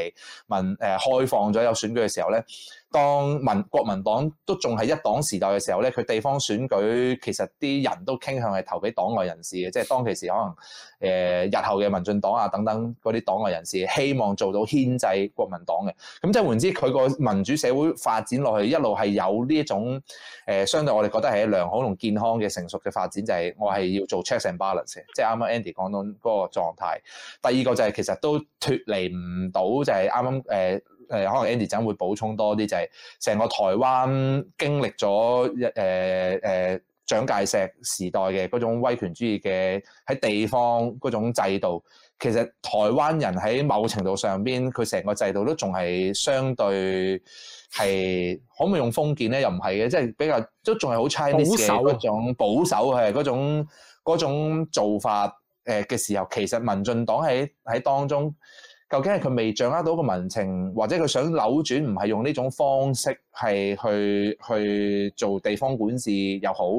民誒開放咗有選舉嘅時候咧。當民國民黨都仲係一黨時代嘅時候咧，佢地方選舉其實啲人都傾向係投俾黨外人士嘅，即係當其時可能誒日後嘅民進黨啊等等嗰啲黨外人士希望做到牽制國民黨嘅。咁即係換之，佢個民主社會發展落去一路係有呢一種誒、呃，相對我哋覺得係良好同健康嘅成熟嘅發展，就係、是、我係要做 checks and balance，即係啱啱 Andy 講到嗰個狀態。第二個就係其實都脫離唔到就係啱啱誒。呃誒可能 Andy 陣，會補充多啲，就係、是、成個台灣經歷咗一誒誒介石時代嘅嗰種威權主義嘅喺地方嗰種制度，其實台灣人喺某程度上邊，佢成個制度都仲係相對係可唔可以用封建？咧，又唔係嘅，即係比較都仲係好差 h i n e s e 嘅嗰種保守嘅、啊、嗰種嗰種，種做法誒嘅時候，其實民進黨喺喺當中。究竟係佢未掌握到個民情，或者佢想扭轉，唔係用呢種方式係去去做地方管治又好，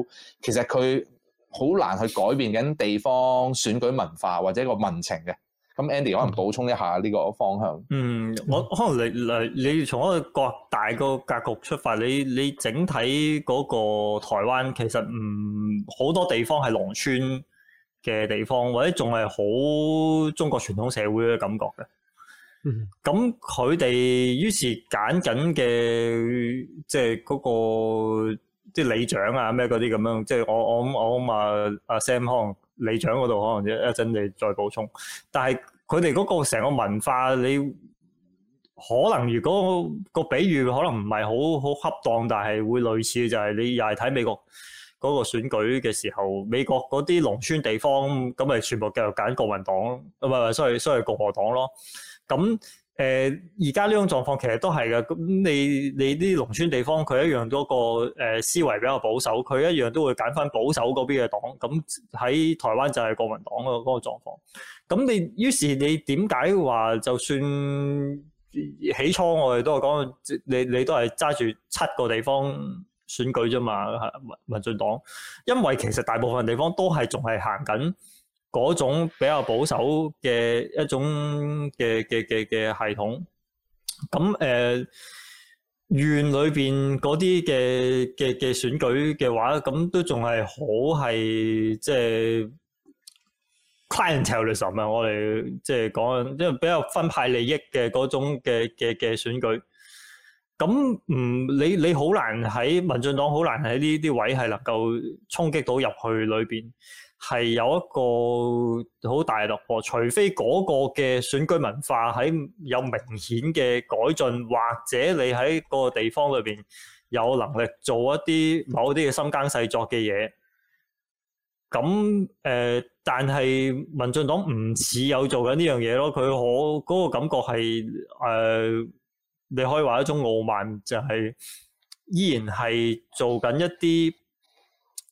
其實佢好難去改變緊地方選舉文化或者個民情嘅。咁 Andy 可能補充一下呢個方向。嗯，我可能嚟你哋從一個各大個格局出發，你你整體嗰個台灣其實唔好、嗯、多地方係農村嘅地方，或者仲係好中國傳統社會嘅感覺嘅。嗯，咁佢哋於是揀緊嘅，即係嗰個啲、就是、里長啊咩嗰啲咁樣，即、就、係、是、我我我阿阿 Sam 可能里長嗰度可能一一陣你再補充，但係佢哋嗰個成個文化，你可能如果、嗰個比喻可能唔係好好恰當，但係會類似就係、是、你又係睇美國嗰個選舉嘅時候，美國嗰啲農村地方咁咪全部繼續揀國民黨，唔係唔係，所以所以,所以共和黨咯。咁誒，而家呢種狀況其實都係嘅。咁你你啲農村地方，佢一樣嗰個思維比較保守，佢一樣都會揀翻保守嗰邊嘅黨。咁喺台灣就係國民黨嗰個狀況。咁你於是你點解話就算起初我哋都係講，你你都係揸住七個地方選舉啫嘛，係民民進黨，因為其實大部分地方都係仲係行緊。嗰種比較保守嘅一種嘅嘅嘅嘅系統，咁誒，縣裏邊嗰啲嘅嘅嘅選舉嘅話，咁都仲係好係即係 clientelism 啊！Ism，我哋即係講，因為比較分派利益嘅嗰種嘅嘅嘅選舉，咁唔、呃、你你好難喺民進黨好難喺呢啲位係能夠衝擊到入去裏邊。係有一個好大落，除非嗰個嘅選舉文化喺有明顯嘅改進，或者你喺個地方裏邊有能力做一啲某啲嘅深耕細作嘅嘢。咁誒、呃，但係民進黨唔似有做緊呢樣嘢咯，佢我嗰個感覺係誒、呃，你可以話一種傲慢，就係、是、依然係做緊一啲。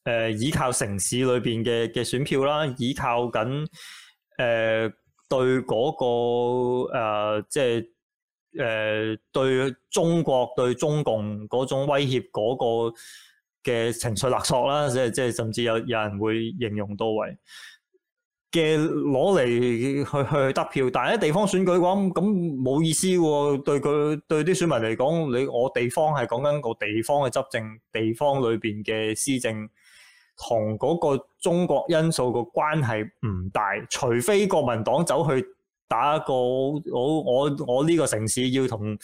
誒，倚靠城市裏邊嘅嘅選票啦，倚靠緊誒、呃、對嗰、那個誒、呃、即係誒、呃、對中國對中共嗰種威脅嗰個嘅情緒勒索啦，即係即係甚至有有人會形容到位嘅攞嚟去去得票，但係喺地方選舉嘅話，咁冇意思喎，對佢對啲選民嚟講，你我地方係講緊個地方嘅執政，地方裏邊嘅施政。同嗰個中國因素個關係唔大，除非國民黨走去打一個、哦、我我我呢個城市要同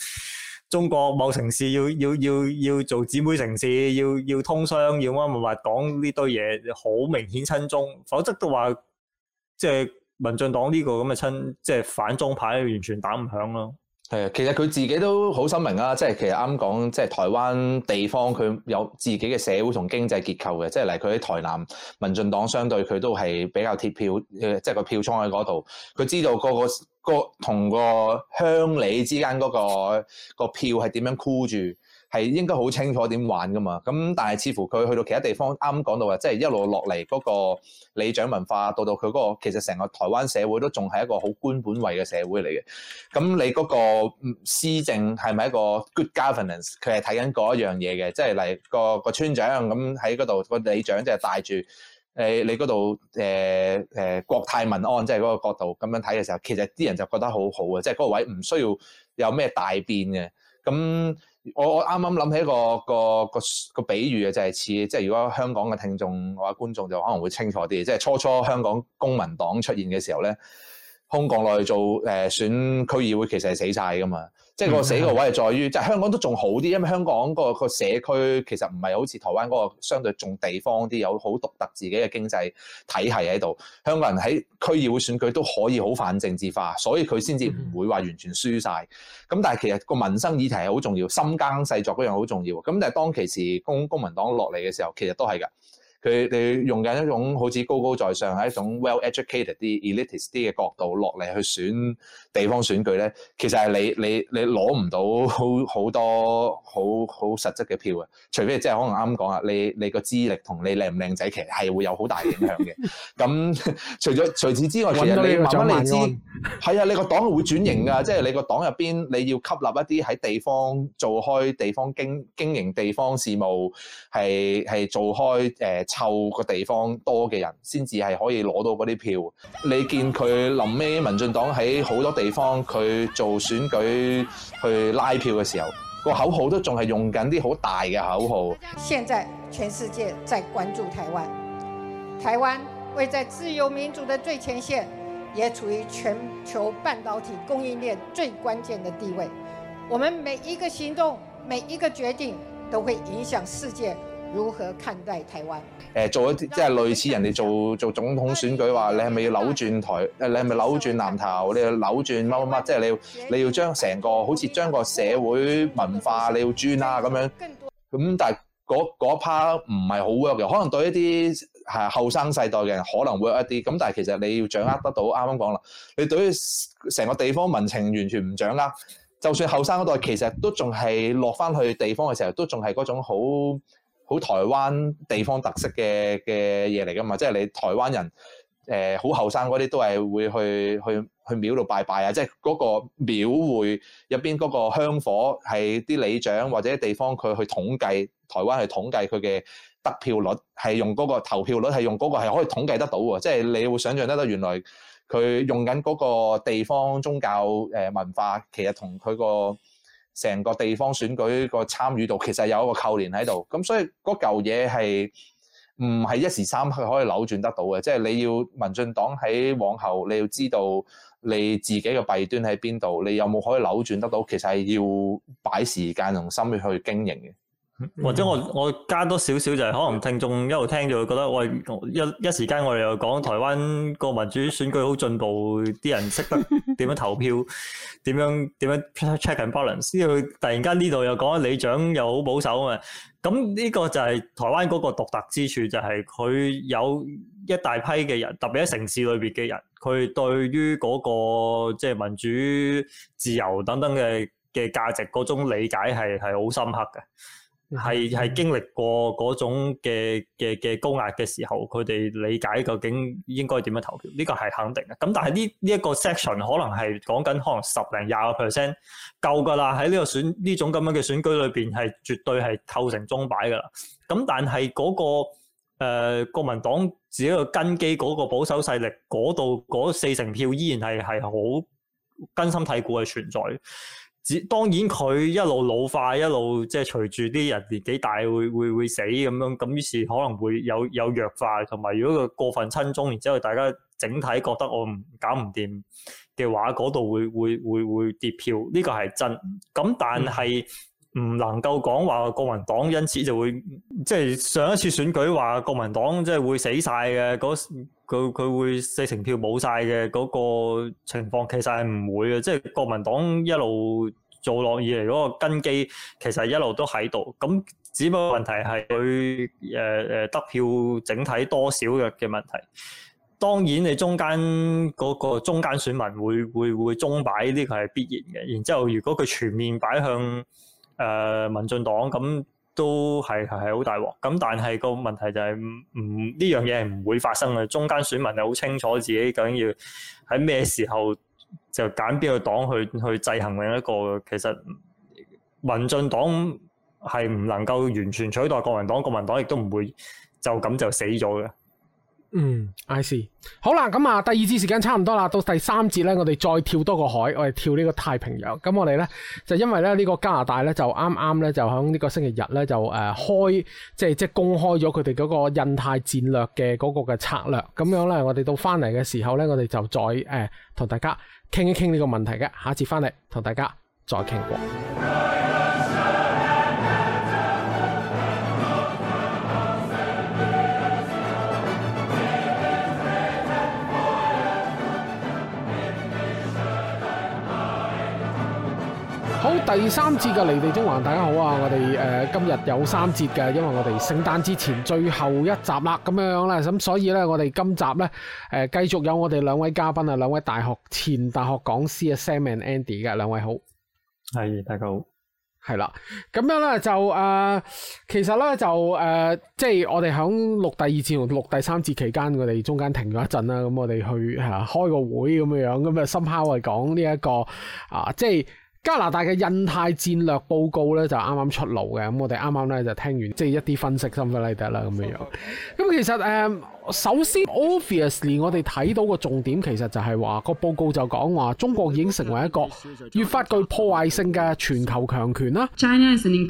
中國某城市要要要要做姊妹城市，要要通商，要乜乜話講呢堆嘢，好明顯親中，否則都話即係民進黨呢個咁嘅親即係、就是、反中派，完全打唔響咯。係，其實佢自己都好心明啊。即係其實啱講，即係台灣地方佢有自己嘅社會同經濟結構嘅，即係嚟佢喺台南民進黨，相對佢都係比較鐵票即係個票倉喺嗰度，佢知道、嗰個個同個鄉里之間嗰、嗰個、嗰個票係點樣箍住。係應該好清楚點玩㗎嘛？咁但係似乎佢去到其他地方，啱講到啊，即係一路落嚟嗰個里長文化，到到佢嗰個其實成個台灣社會都仲係一個好官本位嘅社會嚟嘅。咁你嗰個施政係咪一個 good governance？佢係睇緊嗰一樣嘢嘅，即係嚟個個村長咁喺嗰度個里長即係帶住誒你嗰度誒誒國泰民安即係嗰個角度咁樣睇嘅時候，其實啲人就覺得好好啊！即係嗰個位唔需要有咩大變嘅。咁我我啱啱諗起一個一個個個比喻嘅，就係似即係如果香港嘅聽眾或者觀眾就可能會清楚啲，即係初初香港公民黨出現嘅時候咧，空降落去做誒選區議會，其實係死晒噶嘛。即係個死個位係在於，即係香港都仲好啲，因為香港個個社區其實唔係好似台灣嗰個相對重地方啲，有好獨特自己嘅經濟體系喺度。香港人喺區議會選舉都可以好反政治化，所以佢先至唔會話完全輸晒。咁、嗯、但係其實個民生議題係好重要，深耕細作嗰樣好重要。咁但係當其時公公民黨落嚟嘅時候，其實都係㗎。佢哋用緊一種好似高高在上係一種 well educated 啲 elitist 啲嘅角度落嚟去選地方選舉咧，其實係你你你攞唔到好好多好好實質嘅票啊，除非即係可能啱講啊，你你個資歷同你靚唔靚仔其實係會有好大影響嘅。咁除咗除此之外，其實你慢慢你知係 啊，你個黨會轉型㗎，即係 你個黨入邊你要吸納一啲喺地，地方做開地方經經營地方事務係係做開誒。Uh, 湊個地方多嘅人，先至係可以攞到嗰啲票。你見佢臨尾民進黨喺好多地方佢做選舉去拉票嘅時候，個口號都仲係用緊啲好大嘅口號。現在全世界在關注台灣，台灣位在自由民主的最前線，也處於全球半導體供應鏈最關鍵的地位。我們每一個行動、每一個決定都會影響世界。如何看待台灣？誒，做一啲即係類似人哋做做總統選舉話，你係咪要扭轉台？誒，你係咪扭轉南投？你要扭轉乜乜乜？即係你你要將成個好似將個社會文化你要轉啦咁樣。咁但係嗰嗰一 part 唔係好 work 嘅，可能對一啲係後生世代嘅人可能會 work 一啲。咁但係其實你要掌握得到，啱啱講啦，你對於成個地方民情完全唔掌握。就算後生一代，其實都仲係落翻去地方嘅時候，都仲係嗰種好好台灣地方特色嘅嘅嘢嚟㗎嘛，即係你台灣人誒，好後生嗰啲都係會去去去廟度拜拜啊，即係嗰個廟會入邊嗰個香火係啲里長或者地方，佢去統計，台灣去統計佢嘅得票率，係用嗰個，投票率，係用嗰個，係可以統計得到㗎。即係你會想象得到，原來佢用緊嗰個地方宗教，誒，文化其實同佢個。成個地方選舉個參與度其實有一個扣連喺度，咁所以嗰嚿嘢係唔係一時三刻可以扭轉得到嘅？即係你要民進黨喺往後，你要知道你自己嘅弊端喺邊度，你有冇可以扭轉得到？其實係要擺時間同心血去經營嘅。或者我我加多少少就係、是、可能聽眾一路聽就會覺得喂一一時間我哋又講台灣個民主選舉好進步，啲人識得點樣投票，點 樣點樣 check and balance，因為突然間呢度又講李長又好保守啊嘛，咁呢個就係台灣嗰個獨特之處，就係、是、佢有一大批嘅人，特別喺城市裏邊嘅人，佢對於嗰、那個即係、就是、民主、自由等等嘅嘅價值嗰種理解係係好深刻嘅。係係經歷過嗰種嘅嘅嘅高壓嘅時候，佢哋理解究竟應該點樣投票？呢個係肯定嘅。咁但係呢呢一個 section 可能係講緊可能十零廿個 percent 夠㗎喇。喺呢個選呢種咁樣嘅選舉裏邊，係絕對係構成鐘擺㗎喇。咁但係嗰、那個誒、呃、國民黨自己嘅根基嗰個保守勢力嗰度嗰四成票依然係係好根深蒂固嘅存在。當然佢一路老化，一路即係隨住啲人年紀大會，會會會死咁樣，咁於是可能會有有弱化，同埋如果佢過分親中，然之後大家整體覺得我唔搞唔掂嘅話，嗰度會會會會跌票，呢個係真。咁但係。嗯唔能夠講話國民黨因此就會，即係上一次選舉話國民黨即係會死晒嘅，佢佢會四成票冇晒嘅嗰個情況其實係唔會嘅，即係國民黨一路做落以嚟嗰個根基其實一路都喺度，咁只不過問題係佢誒誒得票整體多少嘅嘅問題。當然你中間嗰個中間選民會會會中擺呢個係必然嘅，然之後如果佢全面擺向誒、呃、民進黨咁都係係好大鑊，咁但係個問題就係唔呢樣嘢係唔會發生嘅，中間選民係好清楚自己究竟要喺咩時候就揀邊個黨去去制衡另一個。其實民進黨係唔能夠完全取代國民黨，國民黨亦都唔會就咁就死咗嘅。嗯，I see。好啦，咁、嗯、啊，第二節時間差唔多啦，到第三節呢，我哋再跳多個海，我哋跳呢個太平洋。咁我哋呢，就因為咧呢、呢個加拿大呢，就啱啱呢，就喺呢個星期日呢，就誒、呃、開，即係即係公開咗佢哋嗰個印太戰略嘅嗰個嘅策略。咁樣呢，我哋到翻嚟嘅時候呢，我哋就再誒同、呃、大家傾一傾呢個問題嘅。下一次翻嚟同大家再傾過。第三節嘅離地縱橫，大家好啊！我哋誒、呃、今日有三節嘅，因為我哋聖誕之前最後一集啦，咁樣樣咧，咁所以呢，我哋今集呢，誒、呃、繼續有我哋兩位嘉賓啊，兩位大學前大學講師啊，Sam and Andy 嘅兩位好，係大家好，係啦，咁樣呢，就誒、呃，其實呢，就誒、呃，即係我哋響錄第二節同錄第三節期間，我哋中間停咗一陣啦，咁我哋去係、啊、開個會咁樣樣，咁啊深刻係講呢一個啊，即係。加拿大嘅印太戰略報告咧就啱啱出爐嘅，咁、嗯、我哋啱啱咧就聽完即係一啲分析，something like that 啦咁嘅樣。咁其實誒，首先 obviously 我哋睇到個重點其實就係話個報告就講話中國已經成為一個越發具破壞性嘅全球強權啦。China is an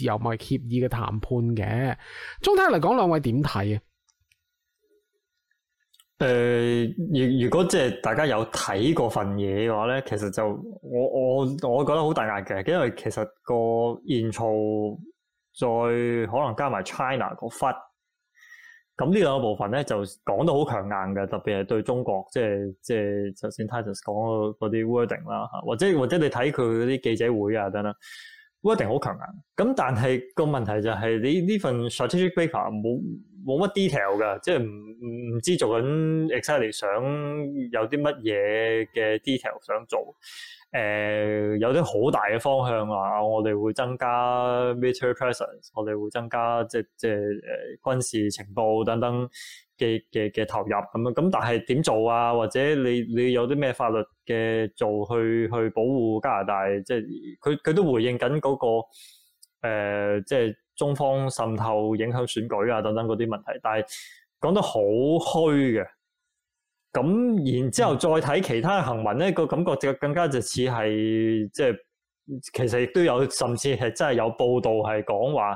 又唔係協議嘅談判嘅，總體嚟講兩位點睇啊？誒、呃，如如果即係大家有睇嗰份嘢嘅話咧，其實就我我我覺得好大壓嘅，因為其實個 intro 再可能加埋 China 嗰忽，咁呢兩個部分咧就講得好強硬嘅，特別係對中國，即係即係，頭先 Titus 講嗰啲 wording 啦，或者或者你睇佢嗰啲記者會啊等等。一定好強硬，咁但係個問題就係、是，你呢份 strategic paper 冇冇乜 detail 噶，即係唔唔唔知做緊 exactly 想有啲乜嘢嘅 detail 想做。誒、呃、有啲好大嘅方向啊！我哋會增加 military presence，我哋會增加即即誒、呃、軍事情報等等嘅嘅嘅投入咁樣。咁、嗯、但係點做啊？或者你你有啲咩法律嘅做去去保護加拿大？即係佢佢都回應緊嗰、嗰個、呃、即係中方滲透影響選舉啊等等嗰啲問題。但係講得好虛嘅。咁然之後再睇其他行文咧，個感覺就更加就似係，即係其實亦都有，甚至係真係有報道係講話，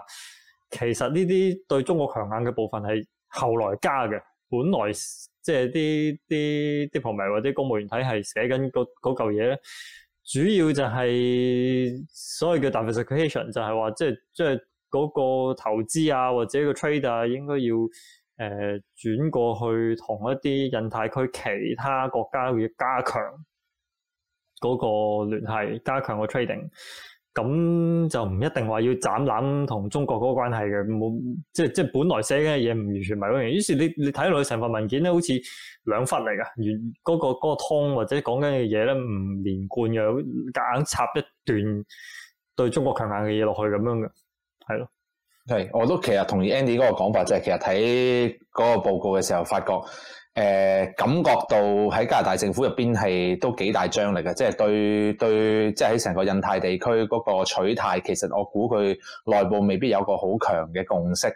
其實呢啲對中國強硬嘅部分係後來加嘅，本來即係啲啲啲旁衞或者公務員睇係寫緊嗰嚿嘢咧，主要就係所謂嘅 diversification 就係話即係即係嗰個投資啊或者個 trader 應該要。誒、呃，轉過去同一啲印太區其他國家要加強嗰個聯繫，加強個 trading，咁就唔一定話要斬纜同中國嗰個關係嘅，冇即係即係本來寫嘅嘢唔完全唔係嗰樣，於是你你睇落去成份文件咧，好似兩忽嚟噶，原嗰、嗰個嗰、嗰個通或者講緊嘅嘢咧唔連貫嘅，夾硬插一段對中國強硬嘅嘢落去咁樣嘅，係咯。係，我都其實同意 Andy 嗰個講法，即係其實睇嗰個報告嘅時候，發覺誒、呃，感覺到喺加拿大政府入邊係都幾大張力嘅，即係對對，即係喺成個印太地區嗰個取態，其實我估佢內部未必有個好強嘅共識，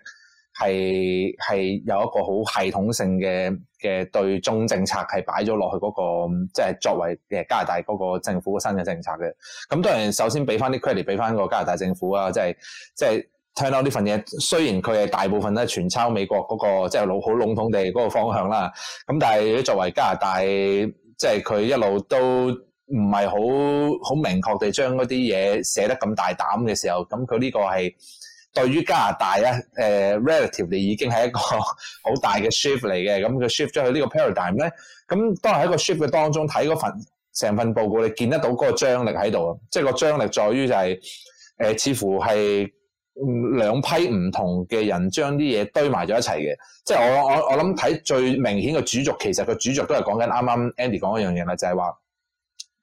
係係有一個好系統性嘅嘅對中政策係擺咗落去嗰個，即係作為嘅加拿大嗰個政府嘅新嘅政策嘅。咁當然，首先俾翻啲 credit 俾翻個加拿大政府啊，即係即係。就是聽到呢份嘢，雖然佢係大部分咧全抄美國嗰嗰個，即係老好籠統地嗰個方向啦。咁但係作為加拿大，即係佢一路都唔係好好明確地將嗰啲嘢寫得咁大膽嘅時候，咁佢呢個係對於加拿大誒、呃、relatively 嚟已經係一個好大嘅 shift 嚟嘅。咁佢 shift 咗去呢、嗯、個 paradigm 咧，咁當係喺個 shift 嘅當中睇嗰份成份報告，你見得到嗰個張力喺度啊！即係個張力在於就係、是、誒、就是呃，似乎係。兩批唔同嘅人將啲嘢堆埋咗一齊嘅。即係我我我諗睇最明顯嘅主軸，其實個主軸都係講緊啱啱 Andy 講一樣嘢啦，就係話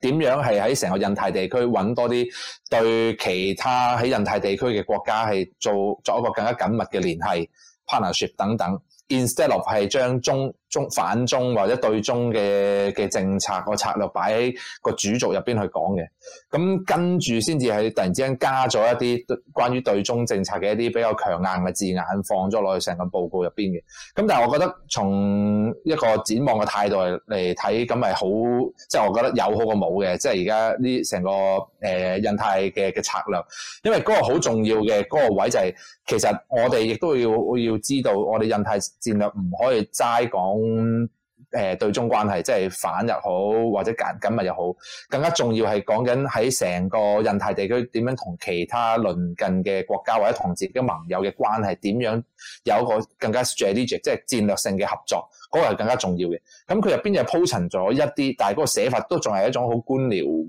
點樣係喺成個印太地區揾多啲對其他喺印太地區嘅國家係做作一個更加緊密嘅聯繫 partnership 等等，instead of 係將中反中或者對中嘅嘅政策個策略擺喺個主軸入邊去講嘅，咁跟住先至係突然之間加咗一啲關於對中政策嘅一啲比較強硬嘅字眼，放咗落去成個報告入邊嘅。咁但係我覺得從一個展望嘅態度嚟睇，咁係好即係我覺得有好過冇嘅。即係而家呢成個誒印太嘅嘅策略，因為嗰個好重要嘅嗰個位就係、是、其實我哋亦都要要知道，我哋印太戰略唔可以齋講。嗯，誒對中關係，即係反又好，或者緊今日又好，更加重要係講緊喺成個印太地區點樣同其他鄰近嘅國家或者同自己盟友嘅關係點樣有一個更加 strategic，即係戰略性嘅合作，嗰個係更加重要嘅。咁佢入邊又鋪陳咗一啲，但係嗰個寫法都仲係一種好官僚。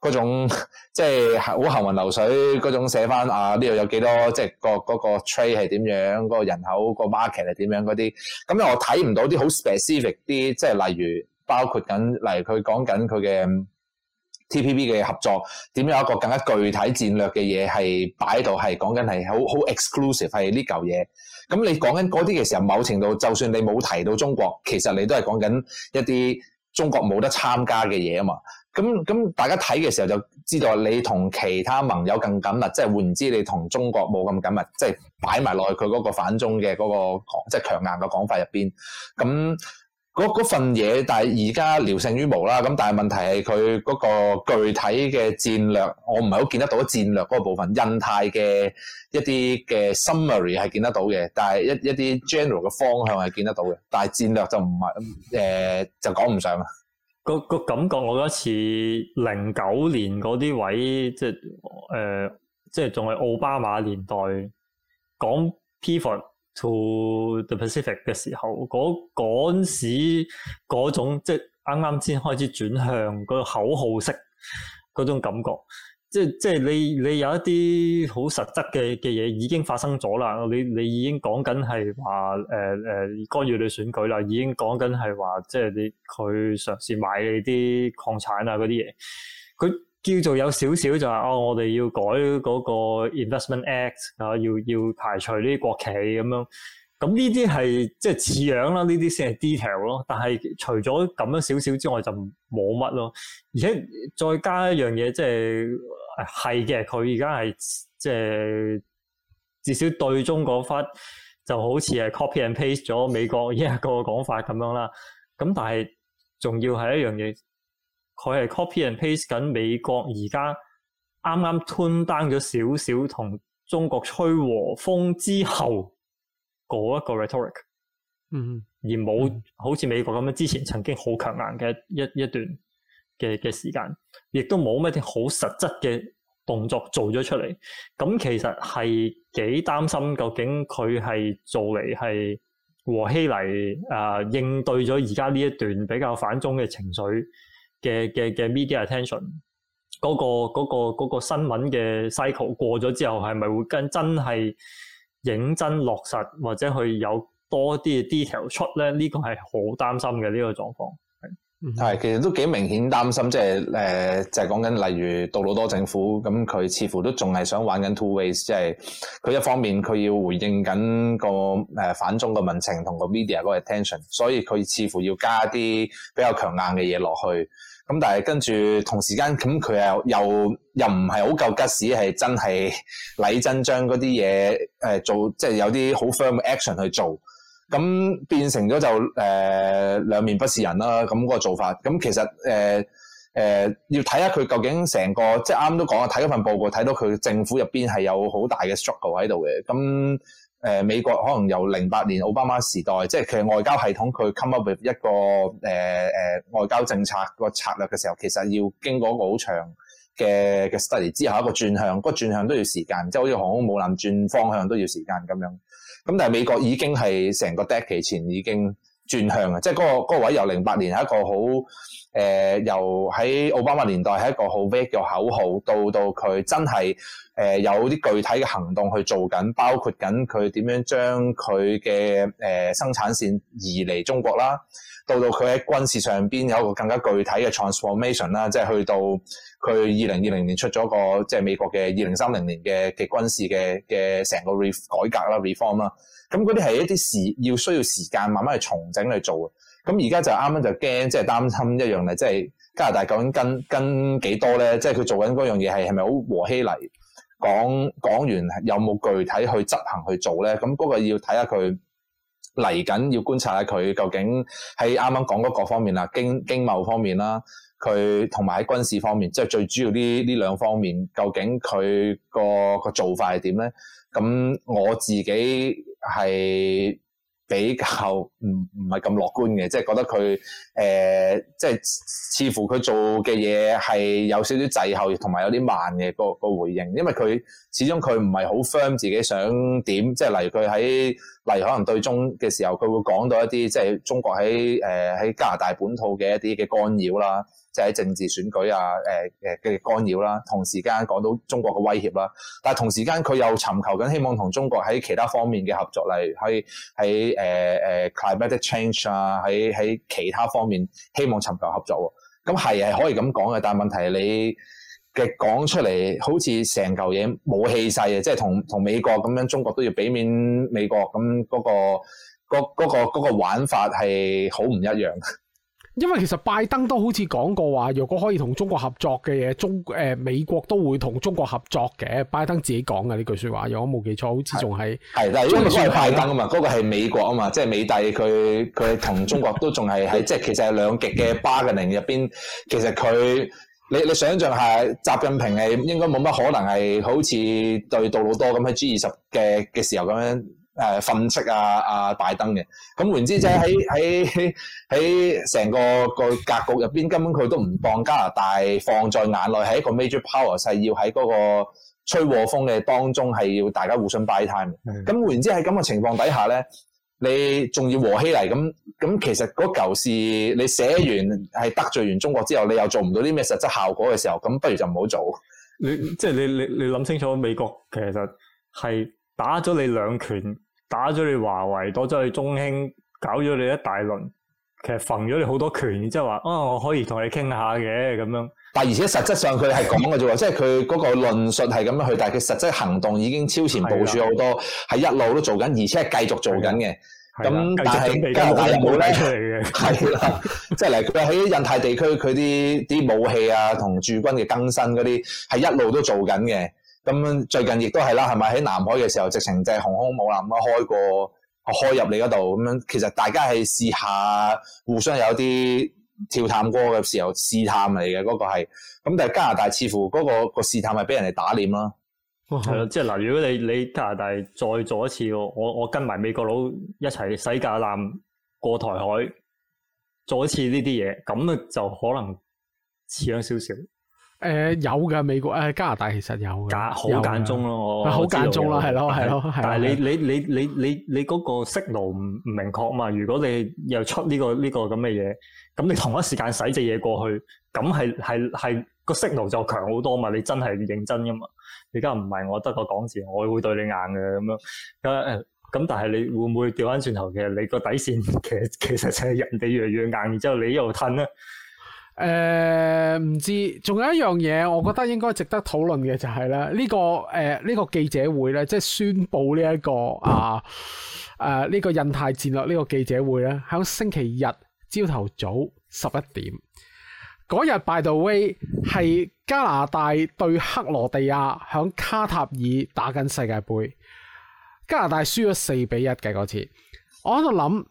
嗰種即係好行雲流水嗰種寫翻啊，呢度有幾多即係個嗰個，個 trade 係點樣，嗰個人口個 market 係點樣，嗰啲咁，又我睇唔到啲好 specific 啲，即係例如包括緊例如佢講緊佢嘅 TPP 嘅合作點樣有一個更加具體戰略嘅嘢係擺喺度，係講緊係好好 exclusive 係呢嚿嘢。咁你講緊嗰啲嘅時候，某程度就算你冇提到中國，其實你都係講緊一啲中國冇得參加嘅嘢啊嘛～咁咁，大家睇嘅時候就知道你同其他盟友更緊密，即係換言之，你同中國冇咁緊密，即係擺埋落去佢嗰個反中嘅嗰個講，即係強硬嘅講法入邊。咁嗰份嘢，但係而家聊勝於無啦。咁但係問題係佢嗰個具體嘅戰略，我唔係好見得到戰略嗰部分。印太嘅一啲嘅 summary 係見得到嘅，但係一一啲 general 嘅方向係見得到嘅，但係戰略就唔係誒就講唔上啦。個感覺我覺得似零九年嗰啲位，即係誒、呃，即係仲係奧巴馬年代講 Pivot to the Pacific 嘅時候，嗰嗰時嗰種即係啱啱先開始轉向個口號式嗰種感覺。即係即係你你有一啲好實質嘅嘅嘢已經發生咗啦，你你已經講緊係話誒誒干預你選舉啦，已經講緊係話即係你佢嘗試買你啲礦產啊嗰啲嘢，佢叫做有少少就話、是、哦，我哋要改嗰個 Investment Act 啊，要要排除呢啲國企咁樣。咁呢啲係即係似樣啦，呢啲先係 detail 咯。但係除咗咁樣少少之外，就冇乜咯。而且再加一樣嘢，即係係嘅，佢而家係即係至少對中嗰忽就好似係 copy and paste 咗美國一個講法咁樣啦。咁但係仲要係一樣嘢，佢係 copy and paste 緊美國而家啱啱 turn down 咗少少同中國吹和風之後。嗰一個 rhetoric，嗯，而冇好似美國咁樣之前曾經好強硬嘅一一,一段嘅嘅時間，亦都冇咩啲好實質嘅動作做咗出嚟。咁其實係幾擔心，究竟佢係做嚟係和稀泥啊？應對咗而家呢一段比較反中嘅情緒嘅嘅嘅 media attention，嗰個嗰個嗰個新聞嘅 cycle 過咗之後，係咪會跟真係？認真落實，或者佢有多啲 detail 出咧，呢個係好擔心嘅呢個狀況。係，其實都幾明顯擔心，即係誒，就係講緊例如杜魯多政府，咁佢似乎都仲係想玩緊 two ways，即係佢一方面佢要回應緊個誒反中嘅民情同個 media 嗰個 attention，所以佢似乎要加啲比較強硬嘅嘢落去。咁但係跟住同時間，咁、嗯、佢又又又唔係好夠吉士，係真係禮真將嗰啲嘢誒做，即係有啲好 firm action 去做，咁、嗯、變成咗就誒、呃、兩面不是人啦。咁、嗯嗰個做法，咁、嗯、其實誒誒、呃呃、要睇下佢究竟成個即係啱都講啊，睇嗰份報告睇到佢政府入邊係有好大嘅 struggle 喺度嘅，咁、嗯。誒美國可能由零八年奧巴馬時代，即係其實外交系統佢 come up with 一個誒誒、呃、外交政策個策略嘅時候，其實要經過一個好長嘅嘅 study 之後一個轉向，那個轉向都要時間，即係好似航空母艦轉方向都要時間咁樣。咁但係美國已經係成個 dec k 期前已經，轉向啊！即係嗰、嗰個嗰個位由零八年係一個好誒、呃，由喺奧巴馬年代係一個好 vague 嘅口號，到到佢真係誒、呃、有啲具體嘅行動去做緊，包括緊佢點樣將佢嘅誒生產線移嚟中國啦，到到佢喺軍事上邊有一個更加具體嘅 transformation 啦，即係去到佢二零二零年出咗個即係美國嘅二零三零年嘅嘅軍事嘅嘅成個 form，改革啦 reform 啦。咁嗰啲係一啲事，要需要時間慢慢去重整去做嘅，咁而家就啱啱就驚即係擔心一樣咧，即係加拿大究竟跟跟幾多咧？即係佢做緊嗰樣嘢係係咪好和稀泥？講講完有冇具體去執行去做咧？咁嗰個要睇下佢。嚟緊要觀察下佢究竟喺啱啱講嗰個方面啦，經經貿方面啦，佢同埋喺軍事方面，即係最主要呢呢兩方面，究竟佢個個做法係點咧？咁我自己係比較唔唔係咁樂觀嘅，即係覺得佢誒、呃，即係似乎佢做嘅嘢係有少少滯後，同埋有啲慢嘅個個回應，因為佢始終佢唔係好 firm 自己想點，即係例如佢喺例如可能對中嘅時候，佢會講到一啲即係中國喺誒喺加拿大本土嘅一啲嘅干擾啦。即係喺政治選舉啊，誒誒嘅干擾啦，同時間講到中國嘅威脅啦，但係同時間佢又尋求緊希望同中國喺其他方面嘅合作，例如喺喺誒誒、呃、climate change 啊，喺喺其他方面希望尋求合作喎。咁係係可以咁講嘅，但係問題你嘅講出嚟好似成嚿嘢冇氣勢啊，即係同同美國咁樣，中國都要俾面美國，咁嗰、嗰個嗰嗰嗰個玩法係好唔一樣。因為其實拜登都好似講過話，若果可以同中國合作嘅嘢，中誒、呃、美國都會同中國合作嘅。拜登自己講嘅呢句說話，如果冇記錯，是好似仲係係，但係因為嗰個係拜登啊嘛，嗰、嗯、個係美國啊嘛，即、就、係、是、美帝佢佢同中國都仲係喺， 即係其實係兩極嘅巴結寧入邊。其實佢你你想象下，習近平係應該冇乜可能係好似對杜魯多咁喺 G 二十嘅嘅時候咁樣。誒訓、啊、斥啊啊拜登嘅，咁換言之就係喺喺喺成個個格局入邊，根本佢都唔當加拿大放在眼內，喺一個 major power 係要喺嗰個吹和風嘅當中，係要大家互相 buy time 嘅。咁換言的之喺咁嘅情況底下咧，你仲要和氣嚟咁咁，其實嗰舊事你寫完係的得罪完中國之後，你又做唔到啲咩實質效果嘅時候，咁不如就唔好做。你即係、就是、你你你諗清楚，美國其實係打咗你兩拳。打咗你華為，多咗你中興，搞咗你一大輪，其實揈咗你好多拳，之後話啊，我可以同你傾下嘅咁樣， 樣。但係而且實質上佢係講嘅啫喎，即係佢嗰個論述係咁樣去，但係佢實質行動已經超前部署好多，係 一路都做緊，而且係繼續做緊嘅。咁 但係加拿大冇咧，係啦，即係嚟佢喺印太地區佢啲啲武器啊同駐軍嘅更新嗰啲係一路都做緊嘅。咁最近亦都係啦，係咪？喺南海嘅時候，直情就係航空母艦咁開過開入嚟嗰度咁樣。其實大家係試下互相有啲跳探歌嘅時候試探嚟嘅嗰個係。咁但係加拿大似乎嗰、嗰個、嗰個試探係俾人哋打臉啦。哇嗯、即係嗱，如果你你加拿大再做一次，我我跟埋美國佬一齊洗架艦過台海，做一次呢啲嘢，咁啊就可能似樣少少。誒、呃，有噶美國誒、呃，加拿大其實有噶好間中咯，的我好、啊、間中啦，係咯，係咯，係。但係你你你你你你嗰個 signal 唔唔明確嘛？如果你又出呢、這個呢、這個咁嘅嘢，咁你同一時間使隻嘢過去，咁係係係個 signal 就強好多嘛？你真係認真噶嘛？而家唔係我得個講字，我會對你硬嘅咁樣。咁咁，但係你會唔會調翻轉頭？其實你個底線，其實其實就係人哋越嚟越硬，然之後你又褪啦。誒唔、嗯、知，仲有一樣嘢，我覺得應該值得討論嘅就係咧、這個，呢個誒呢個記者會咧，即係宣布呢、這、一個啊誒呢、啊這個印太戰略呢個記者會咧，喺星期日朝頭早十一點嗰日，by the way，係加拿大對克羅地亞喺卡塔爾打緊世界盃，加拿大輸咗四比一嘅嗰次，我喺度諗。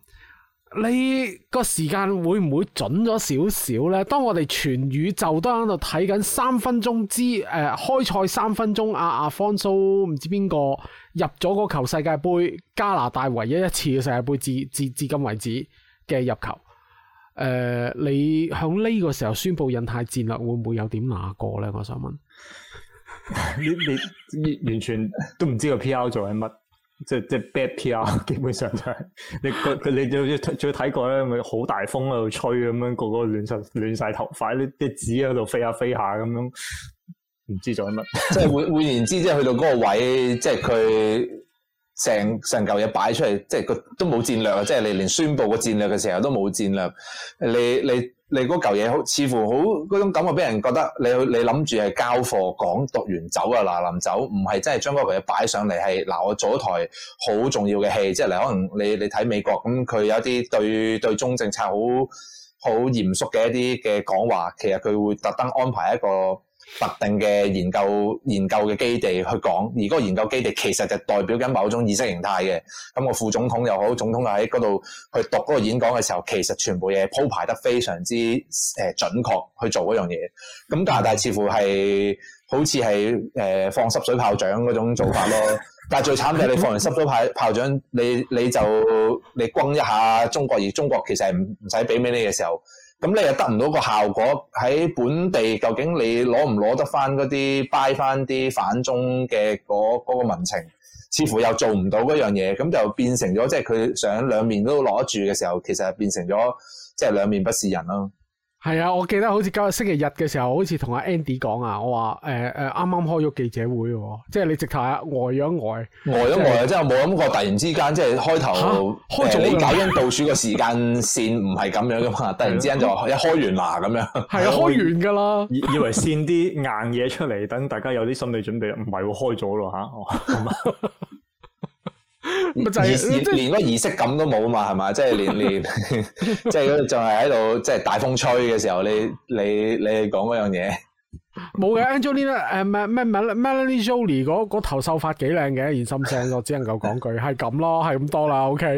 你個時間會唔會準咗少少咧？當我哋全宇宙都喺度睇緊三分鐘之誒、呃、開賽三分鐘啊阿方蘇唔知邊個入咗個球？世界杯加拿大唯一一次嘅世界杯至至至今為止嘅入球。誒、呃、你響呢個時候宣布印太戰略，會唔會有點那個咧？我想問 你你完全都唔知個 P R 做緊乜？即即 bad PR，基本上就係你佢佢你最最最睇過咧，咪好大風喺度吹咁樣，個個亂晒亂晒頭髮，啲啲紙喺度飛下飛下咁樣，唔知做乜。即換換言之，即去到嗰個位，即佢成成嚿嘢擺出嚟，即係個都冇戰略啊！即係你連宣布個戰略嘅時候都冇戰略，你你。你嗰嚿嘢好，似乎好嗰種感覺俾人覺得你，你去你諗住係交貨，講讀完走啊，嗱臨走，唔係真係將嗰嚿嘢擺上嚟，係嗱，我做咗台好重要嘅戲，即係你可能你你睇美國咁，佢、嗯、有啲對對中政策好好嚴肅嘅一啲嘅講話，其實佢會特登安排一個。特定嘅研究研究嘅基地去講，而嗰個研究基地其實就代表緊某種意識形態嘅，咁個副總統又好，總統又喺嗰度去讀嗰個演講嘅時候，其實全部嘢鋪排得非常之誒準確去做嗰樣嘢。咁加拿大似乎係好似係誒放濕水炮仗嗰種做法咯， 但係最慘就係你放完濕水炮炮仗，你你就你轟一下中國，而中國其實係唔唔使俾面你嘅時候。咁你又得唔到個效果？喺本地究竟你攞唔攞得翻嗰啲，buy 翻啲反中嘅嗰個嗰個民情，似乎又做唔到嗰樣嘢，咁就變成咗即係佢想兩面都攞住嘅時候，其實變成咗即係兩面不是人咯。係啊，我記得好似今日星期日嘅時候，好似同阿 Andy 講啊，我話誒誒，啱、呃、啱、呃、開咗記者會，即係你直頭啊呆咗呆，呆咗呆，即係冇諗過突然之間即係開頭，啊開那個呃、你搞緊倒數嘅時間線唔係咁樣噶嘛，突然之間就一開完啦咁樣，係啊，開完噶啦， 以以為先啲硬嘢出嚟，等大家有啲心理準備，唔係會開咗咯吓。 就連個儀式感都冇啊嘛，係嘛？即係連連，即係仲係喺度，即係大風吹嘅時候，你你你講嗰樣嘢，冇嘅。Angelina 誒，咩咩咩 Melody Jolie 嗰嗰頭秀髮幾靚嘅，然心聲我只能夠講句係咁咯，係咁多啦，OK。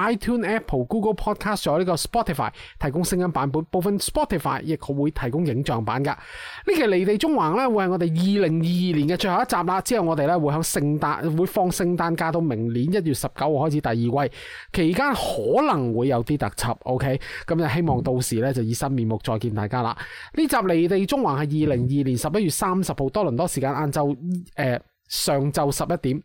iTune、iTunes, Apple、Google Podcast 仲有呢個 Spotify 提供聲音版本，部分 Spotify 亦會提供影像版噶。呢期離地中環呢會係我哋二零二二年嘅最後一集啦，之後我哋呢會響聖誕會放聖誕假到明年一月十九號開始第二季，期間可能會有啲特輯。OK，咁就希望到時呢就以新面目再見大家啦。呢集離地中環係二零二二年十一月三十號多倫多時間晏晝誒上晝十一點。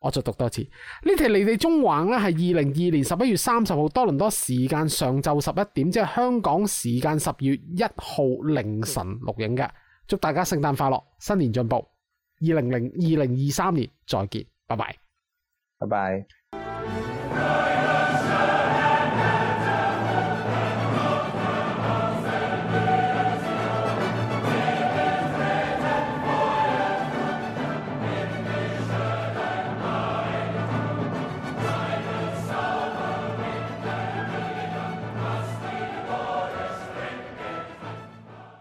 我再讀多次呢條離地縱橫啦，係二零二二年十一月三十號多倫多時間上晝十一點，即係香港時間十二月一號凌晨錄影嘅。祝大家聖誕快樂，新年進步。二零零二零二三年再見，拜拜，拜拜。